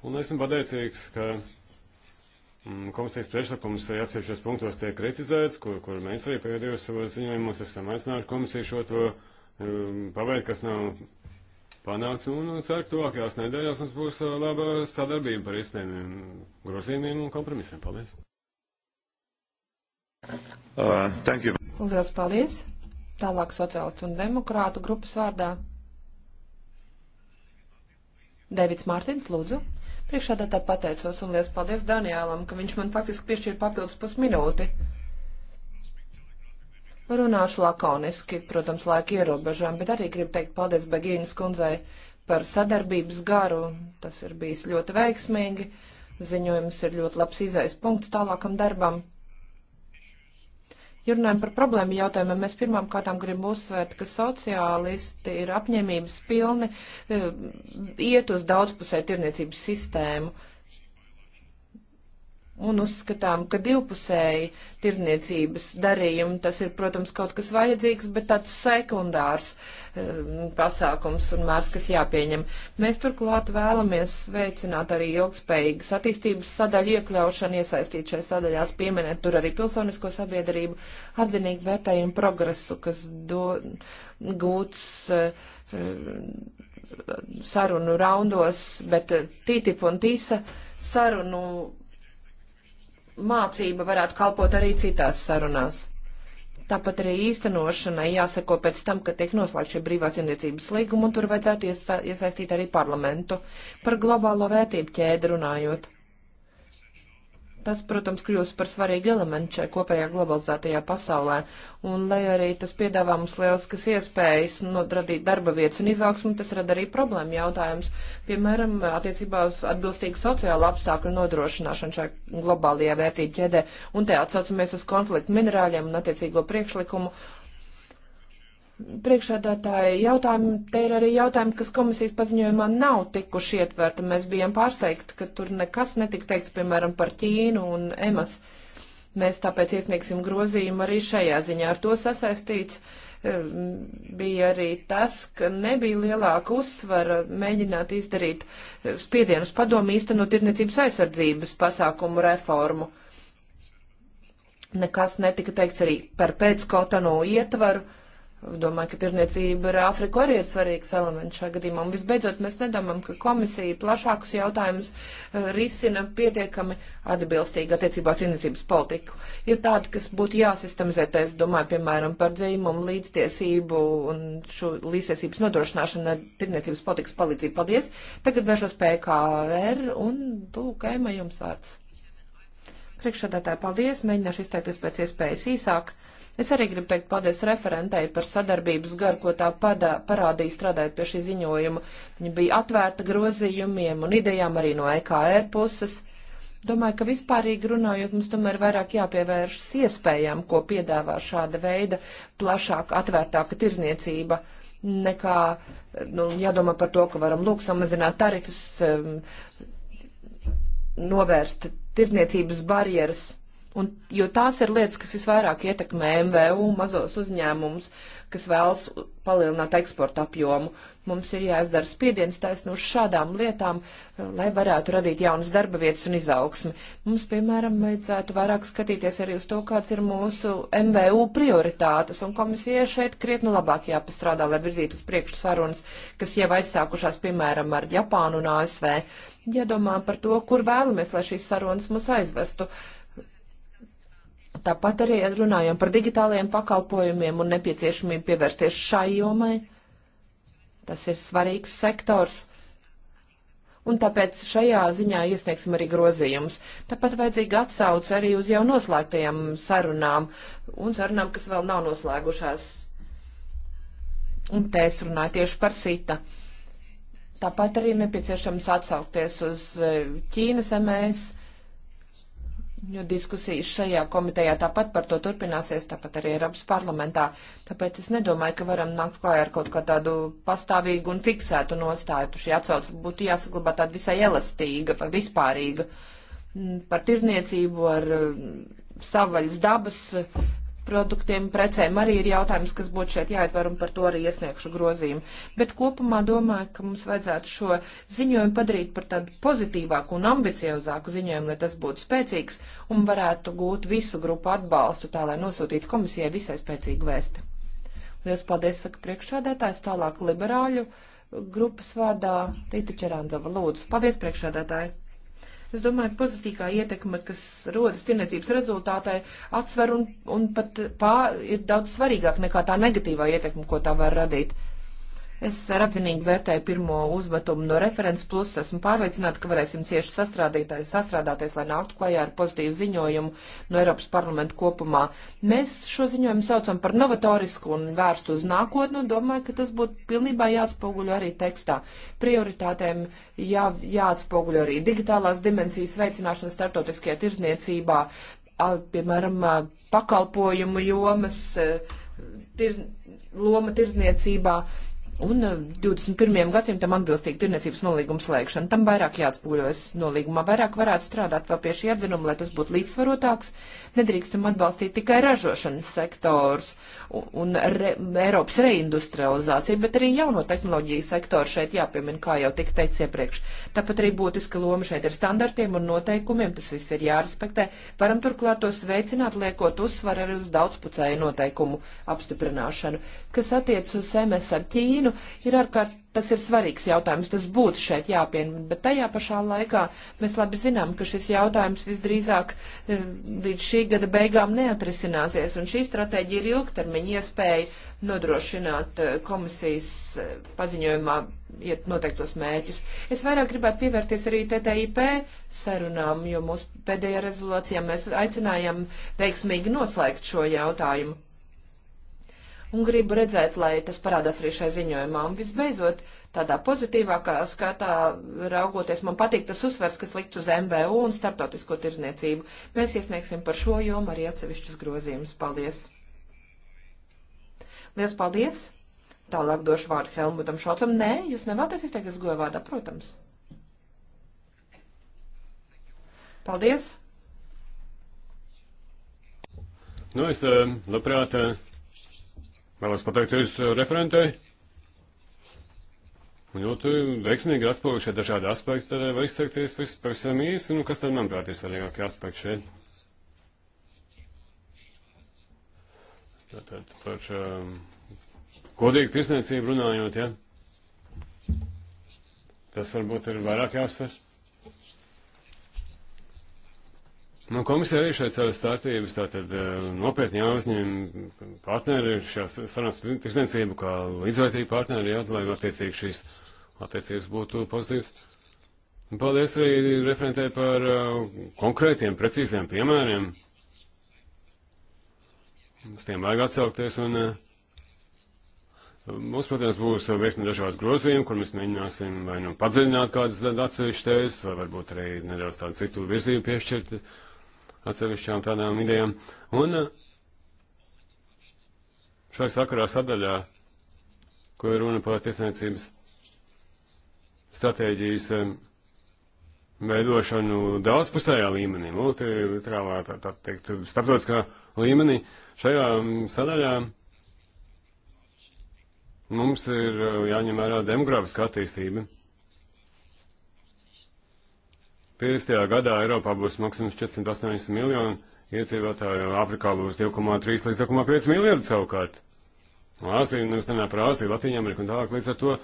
Un esmu pateicīgs, ka mm, komisijas priekšlikums atsevišķos punktos tiek kritizēts, kur, kur mēs arī pēdējos savos ziņojumos esam aicinājuši komisiju šo to um, mm, pabeigt, kas nav panākts. Un, un ceru, ka tuvākajās nedēļās mums būs eh, laba sadarbība par izsniegumiem, grozījumiem un kompromisiem. Paldies! Uh, thank you. Un liels paldies! Tālāk sociālistu un demokrātu grupas vārdā. Dēvids Mārtiņš, lūdzu. Priekšādātā pateicos un liels paldies Daniēlam, ka viņš man faktiski piešķīra papildus pusminūti. Runāšu lakoniski, protams, laika ierobežojumi, bet arī gribu teikt paldies Begīnas kundzei par sadarbības garu. Tas ir bijis ļoti veiksmīgi. Ziņojums ir ļoti labs izais punkts tālākam darbam. Ja runājam par problēmu jautājumiem, mēs pirmām kārtām gribam uzsvērt, ka sociālisti ir apņēmības pilni eh, iet uz daudzpusē tirniecības sistēmu. Un uzskatām, ka divpusēji tirniecības darījumi, tas ir, protams, kaut kas vajadzīgs, bet tāds sekundārs uh, Um, pasākums un mērs, kas jāpieņem. Mēs turklāt vēlamies veicināt arī ilgspējīgas attīstības sadaļu iekļaušanu, iesaistīt šajās sadaļās, pieminēt tur arī pilsonisko sabiedrību, atzinīgi vērtējumu progresu, kas do, gūts uh, sarunu raundos, bet uh, TTIP un TISA sarunu mācība varētu kalpot arī citās sarunās. Tāpat arī īstenošanai jāseko pēc tam, kad tiek noslēgts šie brīvās vienniecības līguma, un tur vajadzētu iesa iesaistīt arī parlamentu. Par globālo vērtību ķēdi runājot. Tas, protams, kļūst par svarīgu elementu šajā kopējā globalizētajā pasaulē. Un, lai arī tas piedāvā mums lieliskas iespējas radīt darba vietas un izaugsmu, tas rada arī problēmu jautājums. Piemēram, attiecībā uz atbilstīgu sociālu apstākļu nodrošināšanu šajā globālajā vērtību ķēdē. Un te atsaucamies uz konfliktu minerāļiem un attiecīgo priekšlikumu priekšādātāji jautājumi, te ir arī jautājumi, kas komisijas paziņojumā nav tikuši ietverti. Mēs bijām pārsteigti, ka tur nekas netika teikts, piemēram, par Ķīnu un EMAS. Mēs tāpēc iesniegsim grozījumu arī šajā ziņā. Ar to sasaistīts eh, bija arī tas, ka nebija lielāka uzsvara mēģināt izdarīt eh, spiedienus padomu īstenot tirniecības aizsardzības pasākumu reformu. Nekas netika teikts arī par pēckotano ietvaru Domāju, ka tirniecība ar Āfriku arī ir svarīgs elements šajā gadījumā. Un visbeidzot, mēs nedomājam, ka komisija plašākus jautājumus eh, risina pietiekami atbilstīgi attiecībā tirniecības politiku. Ir tādi, kas būtu jāsistemizē, es domāju, piemēram, par dzīvumu, līdztiesību un šo līdztiesības nodrošināšanu ar tirniecības politikas palīdzību. Paldies! Tagad vēršos PKR un tūkēma jums vārds. Priekšsēdētāji, paldies! Mēģināšu izteikties pēc iespējas īsāk. Es arī gribu teikt paldies referentei par sadarbības garu, ko tā padā, parādīja strādājot pie šī ziņojuma. Viņa bija atvērta grozījumiem un idejām arī no EKR puses. Domāju, ka vispārīgi runājot, mums tomēr vairāk jāpievēršas iespējām, ko piedāvā šāda veida plašāka, atvērtāka tirzniecība nekā, nu, jādomā par to, ka varam lūk samazināt tarifus, um, novērst tirzniecības barjeras Un, jo tās ir lietas, kas visvairāk ietekmē MVU mazos uzņēmumus, kas vēlas palielināt eksporta apjomu. Mums ir jāizdara spiediens taisnu uz šādām lietām, eh, lai varētu radīt jaunas darba vietas un izaugsmi. Mums, piemēram, vajadzētu vairāk skatīties arī uz to, kāds ir mūsu MVU prioritātes, un komisija šeit krietni labāk jāpastrādā, lai virzītu uz priekšu sarunas, kas jau aizsākušās, piemēram, ar Japānu un ASV. Jādomā par to, kur vēlamies, lai šīs sarunas mūs aizvestu. Uh, Tāpat arī runājam par digitālajiem pakalpojumiem un nepieciešamību pievērsties šai jomai. Tas ir svarīgs sektors. Un tāpēc šajā ziņā iesniegsim arī grozījumus. Tāpat vajadzīga atsauce arī uz jau noslēgtajām sarunām un sarunām, kas vēl nav noslēgušās. Un te es runāju tieši par sita. Tāpat arī nepieciešams atsaukties uz eh, Ķīnas MS jo diskusijas šajā komitejā tāpat par to turpināsies, tāpat arī Eiropas parlamentā. Tāpēc es nedomāju, ka varam nākt klājā ar kaut kā tādu pastāvīgu un fiksētu nostāju. Šī atsauce būtu jāsaglabā tāda visai elastīga, vispārīga mm, par tirzniecību ar mm, savvaļas dabas produktiem, precēm arī ir jautājums, kas būtu šeit jāatver, un par to arī iesniegšu grozījumu. Bet kopumā domāju, ka mums vajadzētu šo ziņojumu padarīt par tādu pozitīvāku un ambiciozāku ziņojumu, lai tas būtu spēcīgs un varētu gūt visu grupu atbalstu, tā lai nosūtītu komisijai visai spēcīgu vēsti. Lielas paldies, saka priekšsādētājs, tālāk liberāļu grupas vārdā Tīta Čerānzava. Lūdzu, paldies priekšsādētāji! Es domāju, pozitīvā ietekme, kas rodas tirniecības rezultātē, atsver un, un pat pār ir daudz svarīgāk nekā tā negatīvā ietekme, ko tā var radīt. Es ar apzinīgi vērtēju pirmo uzmetumu no referents plus, esmu pārliecināta, ka varēsim cieši sastrādāties, lai nāktu klajā ar pozitīvu ziņojumu no Eiropas parlamenta kopumā. Mēs šo ziņojumu saucam par novatorisku un vērstu uz nākotnu, un domāju, ka tas būtu pilnībā jāatspoguļo arī tekstā. Prioritātēm jā, jāatspoguļo arī digitālās dimensijas veicināšana startotiskajā tirzniecībā, piemēram, pakalpojumu jomas, tir, loma tirzniecībā un 21. Eh, gadsimtam atbilstīgi tirniecības nolīguma slēgšana. Tam vairāk jāatspūļojas nolīgumā, vairāk varētu strādāt vēl pie šī atzinuma, lai tas būtu līdzsvarotāks, Nedrīkstam atbalstīt tikai ražošanas sektors un re, Eiropas reindustrializāciju, bet arī jauno tehnoloģiju sektoru šeit jāpiemina, kā jau tika teikts iepriekš. Tāpat arī būtiska loma šeit ir standartiem un noteikumiem, tas viss ir jārespektē. Varam turklāt tos veicināt, liekot uzsvaru arī uz daudzpucēju noteikumu apstiprināšanu. Kas attiec uz MS ar Ķīnu, ir ārkārtīgi Tas ir svarīgs jautājums, tas būtu šeit jāpiemina, bet tajā pašā laikā mēs labi zinām, ka šis jautājums visdrīzāk eh, līdz šī gada beigām neatrisināsies, un šī stratēģija ir ilgtermiņa iespēja nodrošināt eh, komisijas eh, paziņojumā iet noteiktos mērķus. Es vairāk gribētu pievērties arī TTIP sarunām, jo mūsu pēdējā rezolācijā mēs aicinājām veiksmīgi noslēgt šo jautājumu un gribu redzēt, lai tas parādās arī šai ziņojumā. Un visbeidzot, tādā pozitīvākā skatā raugoties, man patīk tas uzsvers, kas likt uz MVU un starptautisko tirzniecību. Mēs iesniegsim par šo jomu arī atsevišķus grozījumus. Paldies! Liels paldies! Tālāk došu vārdu Helmutam Šocam. Nē, jūs nevēlaties izteikties goja vārdā, protams. Paldies! Nu, es eh, labprāt eh, Vēlos pateikties eh, referentei. Un ļoti veiksmīgi atspoguļošie dažādi aspekti, tad eh, var izteikties pavisam īsi, nu kas tad, manuprāt, ir svarīgākie aspekti šeit. Tātad par um, godīgu tirsniecību runājot, ja? Tas varbūt ir vairāk jāuzsver. Nu, komisija arī šeit savas startības, tātad eh, nopietni jāuzņem partneri šās sarunas par tirdzniecību, kā līdzvērtīgi partneri, jā, lai attiecīgi šīs attiecības būtu pozitīvas. Paldies arī referentē par eh, konkrētiem, precīziem piemēriem. Uz tiem vajag atsaukties un eh, mums, protams, būs virkni dažādi grozījumi, kur mēs mēģināsim vai nu padziļināt kādas atsevišķas tēzes, vai varbūt arī nedaudz tādu citu virzību piešķirt atsevišķām tādām idejām. Un uh, šai sakarā sadaļā, ko ir runa par tiesniecības stratēģijas um, veidošanu daudzpusējā līmenī, multilaterālā, tā, tā teikt, starptautiskā līmenī, šajā um, sadaļā mums ir uh, jāņem vērā demografiska attīstība. 50. gadā Eiropā būs maksimums 480 miljoni iedzīvotāju, Āfrikā būs 2,3 līdz 2,5 miljardi savukārt. Āzija, nevis nenā par Āziju, Latviju, Ameriku un tālāk, līdz ar to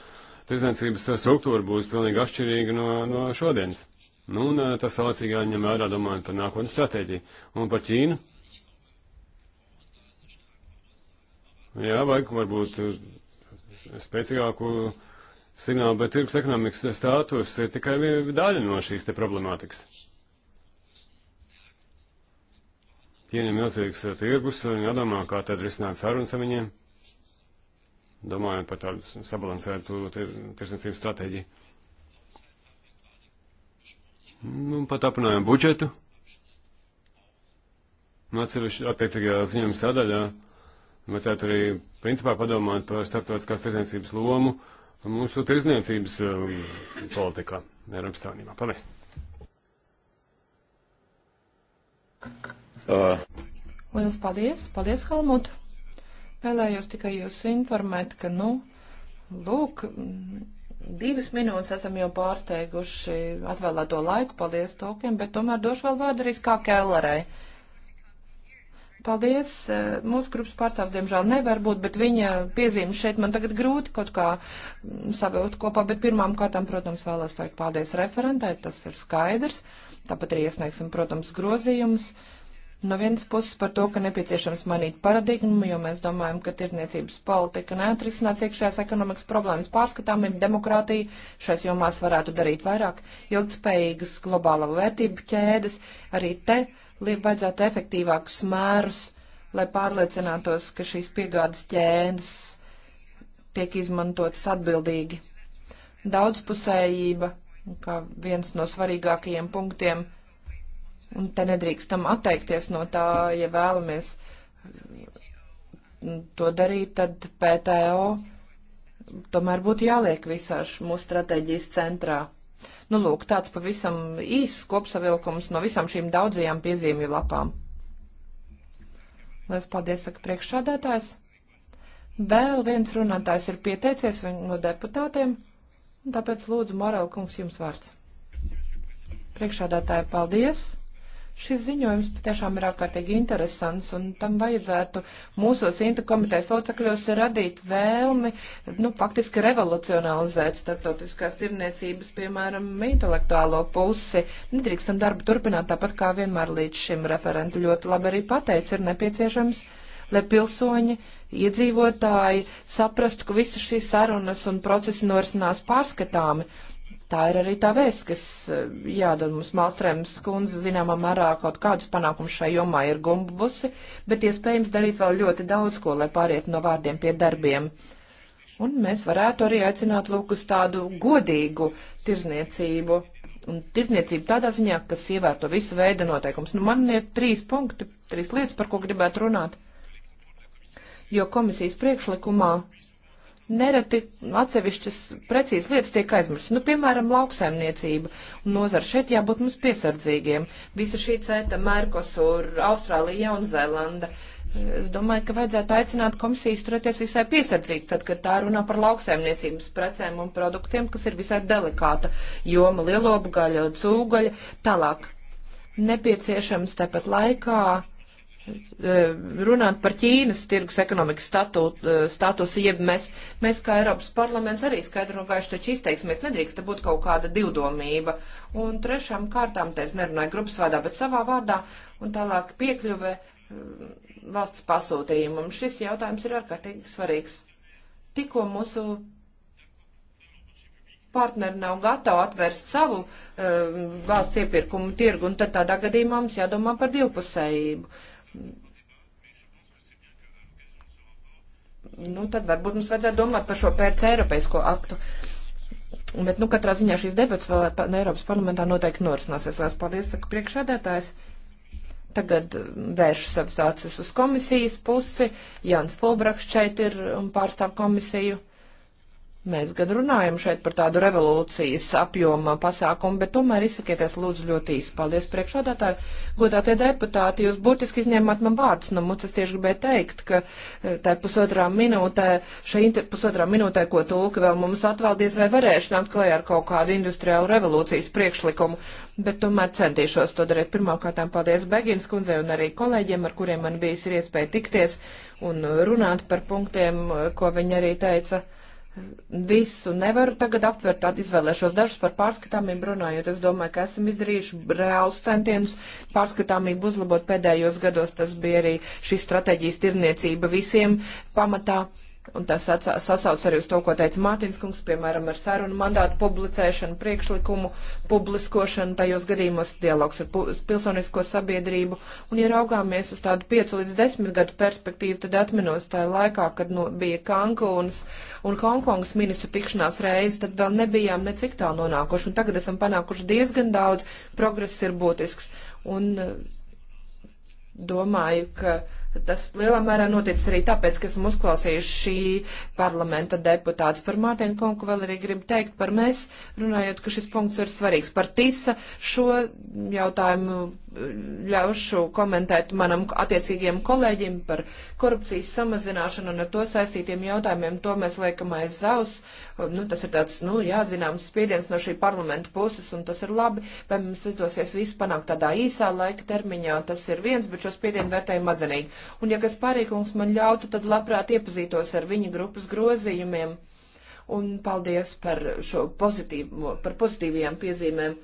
tirdzniecības struktūra būs pilnīgi atšķirīga no, no šodienas. Nu, un eh, tas salicīgi jāņem vērā domājot par nākotnes stratēģiju. Un par Ķīnu. Jā, vajag varbūt eh, spēcīgāku signāli, bet tirgus ekonomikas status ir tikai daļa no šīs te problemātikas. Ķīna ir milzīgs eh, tirgus un jādomā, kā tad risināt sarunas ar viņiem. Domājot par tādu sabalansētu tirsniecības stratēģiju. Nu, pat apinājām budžetu. Nu, atsevišķi attiecīgajā ziņojuma sadaļā vajadzētu arī principā padomāt par starptautiskās tirsniecības lomu, uh, mūsu tirzniecības um, politikā Eiropas Savienībā. Paldies! Uh. Lielas paldies! Paldies, Helmut! Vēlējos tikai jūs informēt, ka, nu, lūk, divas minūtes esam jau pārsteiguši atvēlēto laiku, paldies tokiem, bet tomēr došu vēl vārdu arī kā Kellerai. Paldies. Eh, mūsu grupas pārstāv, diemžēl, nevar būt, bet viņa piezīmes šeit man tagad grūti kaut kā mm, savilkt kopā, bet pirmām kārtām, protams, vēlos teikt paldies referentai, tas ir skaidrs. Tāpat arī iesniegsim, protams, grozījumus. No vienas puses par to, ka nepieciešams mainīt paradigmu, jo mēs domājam, ka tirniecības politika neatrisinās iekšējās ekonomikas problēmas pārskatāmību, demokrātija šais jomās varētu darīt vairāk, ilgspējīgas globāla vērtību ķēdes, arī te lai vajadzētu efektīvākus mērus, lai pārliecinātos, ka šīs piegādes ķēdes tiek izmantotas atbildīgi. Daudzpusējība, kā viens no svarīgākajiem punktiem, un te nedrīkstam atteikties no tā, ja vēlamies to darīt, tad PTO tomēr būtu jāliek visā mūsu stratēģijas centrā. Nu, lūk, tāds pavisam īss kopsavilkums no visām šīm daudzajām piezīmju lapām. Lielas paldies, saka priekšsādātājs. Vēl viens runātājs ir pieteicies no deputātiem, un tāpēc lūdzu, Morel kungs, jums vārds. Priekšsādātāji, paldies! Šis ziņojums patiešām ir ārkārtīgi interesants, un tam vajadzētu mūsos Inta komitejas locekļos radīt vēlmi, nu, faktiski revolucionalizēt starptautiskās tirniecības, piemēram, intelektuālo pusi. Nedrīkstam darbu turpināt tāpat kā vienmēr līdz šim referentu ļoti labi arī pateica, ir nepieciešams, lai pilsoņi iedzīvotāji saprastu, ka visas šīs sarunas un procesi norisinās pārskatāmi tā ir arī tā vēsts, kas eh, jādod mums Mālstrēmas kundze, zināmā mērā kaut kādus panākumus šai jomā ir gumbusi, bet iespējams darīt vēl ļoti daudz ko, lai pāriet no vārdiem pie darbiem. Un mēs varētu arī aicināt lūk uz tādu godīgu tirzniecību. Un tirzniecību tādā ziņā, kas ievērto visu veidu noteikums. Nu, man ir trīs punkti, trīs lietas, par ko gribētu runāt. Jo komisijas priekšlikumā nereti atsevišķas precīzas lietas tiek aizmirstas. Nu, piemēram, lauksaimniecība un nozara šeit jābūt mums piesardzīgiem. Visa šī cēta Mērkosur, Austrālija, Jaunzēlanda. Es domāju, ka vajadzētu aicināt komisiju turēties visai piesardzīgi, tad, kad tā runā par lauksaimniecības precēm un produktiem, kas ir visai delikāta joma - lielopu gaļa, cūgaļa, tālāk. Nepieciešams tepat laikā Eh, runāt par Ķīnas tirgus ekonomikas statūtu, eh, statusu, jeb mēs, mēs kā Eiropas parlaments arī skaidru un gaišu taču izteiksimies, nedrīkst būt kaut kāda divdomība. Un trešām kārtām, te es nerunāju grupas vārdā, bet savā vārdā, un tālāk piekļuve eh, valsts pasūtījumam. Šis jautājums ir ārkārtīgi svarīgs. Tikko mūsu partneri nav gatavi atvērst savu um, valsts iepirkumu tirgu, un tad tādā gadījumā mums jādomā par divpusējību. Uh, Nu, tad varbūt mums vajadzētu domāt par šo pērc Eiropaisko aktu. Bet, nu, katrā ziņā šīs debats vēl Eiropas parlamentā noteikti norisināsies. Lielas paldies, saka priekšādātājs. Tagad mm, vēršu savas acis uz komisijas pusi. Jānis Fulbrakšs šeit ir un mm, pārstāv komisiju. Mēs gan runājam šeit par tādu revolūcijas apjoma pasākumu, bet tomēr izsakieties lūdzu ļoti īsi. Paldies priekšādātāji, godātie deputāti, jūs burtiski izņēmāt man vārdus no nu, mucas tieši gribēju teikt, ka e, tā pusotrā minūtē, šai pusotrā minūtē, ko tulka vēl mums atvaldies, vai varēšu nākt klajā ar kaut kādu industriālu revolūcijas priekšlikumu, bet tomēr centīšos to darīt. Pirmkārtām paldies Begins kundzei un arī kolēģiem, ar kuriem man bijis ir iespēja tikties un runāt par punktiem, ko viņi arī teica Visu nevaru tagad aptvert, tad izvēlēšos dažus par pārskatāmību runājot. Es domāju, ka esam izdarījuši reālus centienus pārskatāmību uzlabot pēdējos gados. Tas bija arī šī stratēģijas tirniecība visiem pamatā. Uh, Un tas sasauc arī uz to, ko teica Mārtiņš Kungs, piemēram, ar sarunu mandātu publicēšanu, priekšlikumu, publiskošanu, tajos gadījumos dialogs ar pilsonisko sabiedrību. Un, ja raugāmies uz tādu 5 līdz 10 gadu perspektīvu, tad atminos tajā laikā, kad no, nu, bija Kankūns un Hongkongas ministru tikšanās reizes, tad vēl nebijām necik tālu nonākuši. Un tagad esam panākuši diezgan daudz, progress ir būtisks. Un domāju, ka Tas lielā mērā noticis arī tāpēc, ka esmu uzklausījuši šī parlamenta deputāts par Mārtiņu Konku, vēl arī gribu teikt par mēs, runājot, ka šis punkts ir svarīgs. Par TISA šo jautājumu uh, ļaušu komentēt manam attiecīgiem kolēģim par korupcijas samazināšanu un ar to saistītiem jautājumiem. To mēs liekam aiz zaus. Nu, tas ir tāds, nu, jāzināms spiediens no šī parlamenta puses un tas ir labi. Vai mums izdosies visu panākt tādā īsā laika termiņā, tas ir viens, bet šo spiedienu vērtējumu atzinīgi un ja kas pārīkums man ļautu, tad labprāt iepazītos ar viņa grupas grozījumiem. Un paldies par šo pozitīvo, par pozitīvajām piezīmēm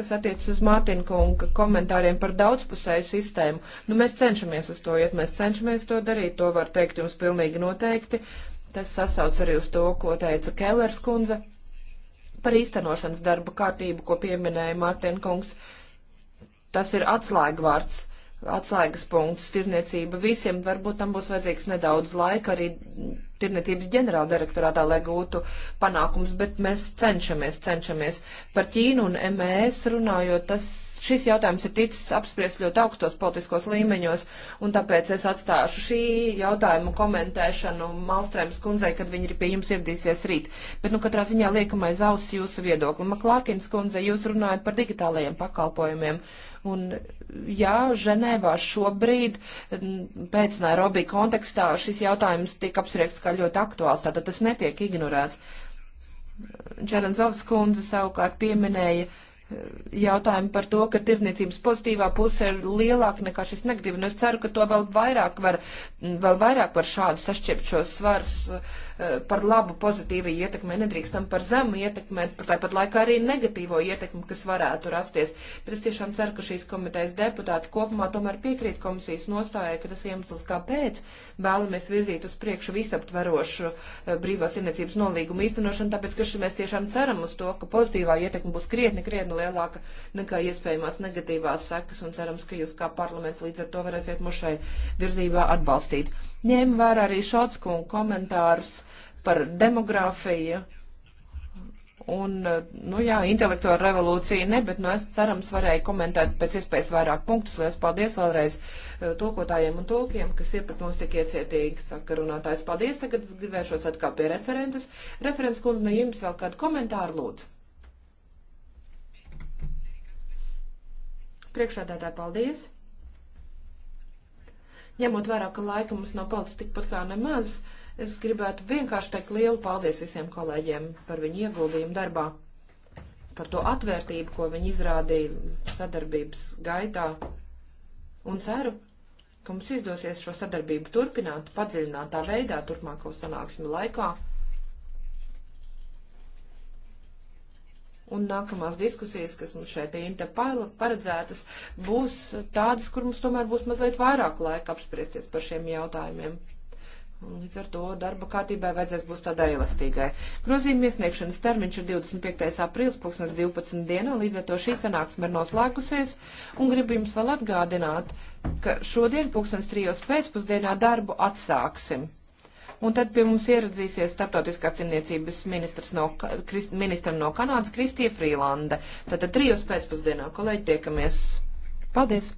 kas attiecas uz Mārtiņa kunga komentāriem par daudzpusēju sistēmu. Nu, mēs cenšamies uz to iet, mēs cenšamies to darīt, to var teikt jums pilnīgi noteikti. Tas sasauc arī uz to, ko teica Kellers kundze par īstenošanas darba kārtību, ko pieminēja Mārtiņa kungs. Tas ir atslēgvārds atslēgas punkts tirniecība visiem. Varbūt tam būs vajadzīgs nedaudz laika arī tirniecības ģenerāla direktorātā, lai gūtu panākums, bet mēs cenšamies, cenšamies. Par Ķīnu un MES runājot, tas Šis jautājums ir ticis apspriests ļoti augstos politiskos līmeņos, un tāpēc es atstāšu šī jautājuma komentēšanu Malstrēmas kundzei, kad viņi ir pie jums iedīsies rīt. Bet, nu, katrā ziņā liekam aiz auss jūsu viedokli. Maklārkins kundze, jūs runājat par digitālajiem pakalpojumiem. Un, jā, Ženēvā šobrīd pēc Nairobi kontekstā šis jautājums tiek apspriekts kā ļoti aktuāls, tātad tas netiek ignorēts. Čeranzovs kundze savukārt pieminēja uh, jautājumi par to, ka tirdzniecības pozitīvā puse ir lielāka nekā šis negatīva. Un es ceru, ka to vēl vairāk var, vēl vairāk var šādi sašķiept šos svars eh, par labu pozitīvu ietekmi. Nedrīkstam par zemu ietekmēt, par tāpat laikā arī negatīvo ietekmi, kas varētu rasties. Bet es tiešām ceru, ka šīs komitejas deputāti kopumā tomēr piekrīt komisijas nostājai, ka tas iemesls, kāpēc vēlamies virzīt uz priekšu visaptverošu eh, brīvās tirdzniecības nolīgumu īstenošanu, tāpēc, ka mēs tiešām ceram uz to, ka pozitīvā ietekme būs krietni, krietni krietni lielāka nekā iespējamās negatīvās sekas, un cerams, ka jūs kā parlaments līdz ar to varēsiet mūs šai virzībā atbalstīt. Ņēmu vērā arī Šotskunga komentārus par demogrāfiju. Un, nu jā, intelektuāla revolūcija ne, bet, nu, es cerams varēju komentēt pēc iespējas vairāk punktus. Lielas paldies vēlreiz eh, tulkotājiem un tulkiem, kas ir pat mums tik iecietīgi, saka runātājs. Paldies, tagad vēršos atkal pie referentes. Referents kundze, no nu, jums vēl kādu komentāru lūdzu. Priekšādātāji, paldies! Ņemot vērā, ka laika mums nav palicis tikpat kā nemaz, es gribētu vienkārši teikt lielu paldies visiem kolēģiem par viņu ieguldījumu darbā, par to atvērtību, ko viņi izrādīja sadarbības gaitā. Un ceru, ka mums izdosies šo sadarbību turpināt, padziļināt tā veidā turpmāko sanāksmi laikā. Un nākamās diskusijas, kas mums šeit īnta paredzētas, būs tādas, kur mums tomēr būs mazliet vairāk laika apspriesties par šiem jautājumiem. Un līdz ar to darba kārtībai vajadzēs būs tādai elastīgai. Grozījuma iesniegšanas termiņš ir 25. aprīlis, 2012. dienā, līdz ar to šī sanāksme ir noslēgusies. Un gribu jums vēl atgādināt, ka šodien, 2003. pēcpusdienā, darbu atsāksim un tad pie mums ieradzīsies starptautiskās cimniecības ministrs no, krist, ministra no Kanādas Kristie Frīlanda. Tātad trijos pēcpusdienā, kolēģi, tiekamies. Paldies!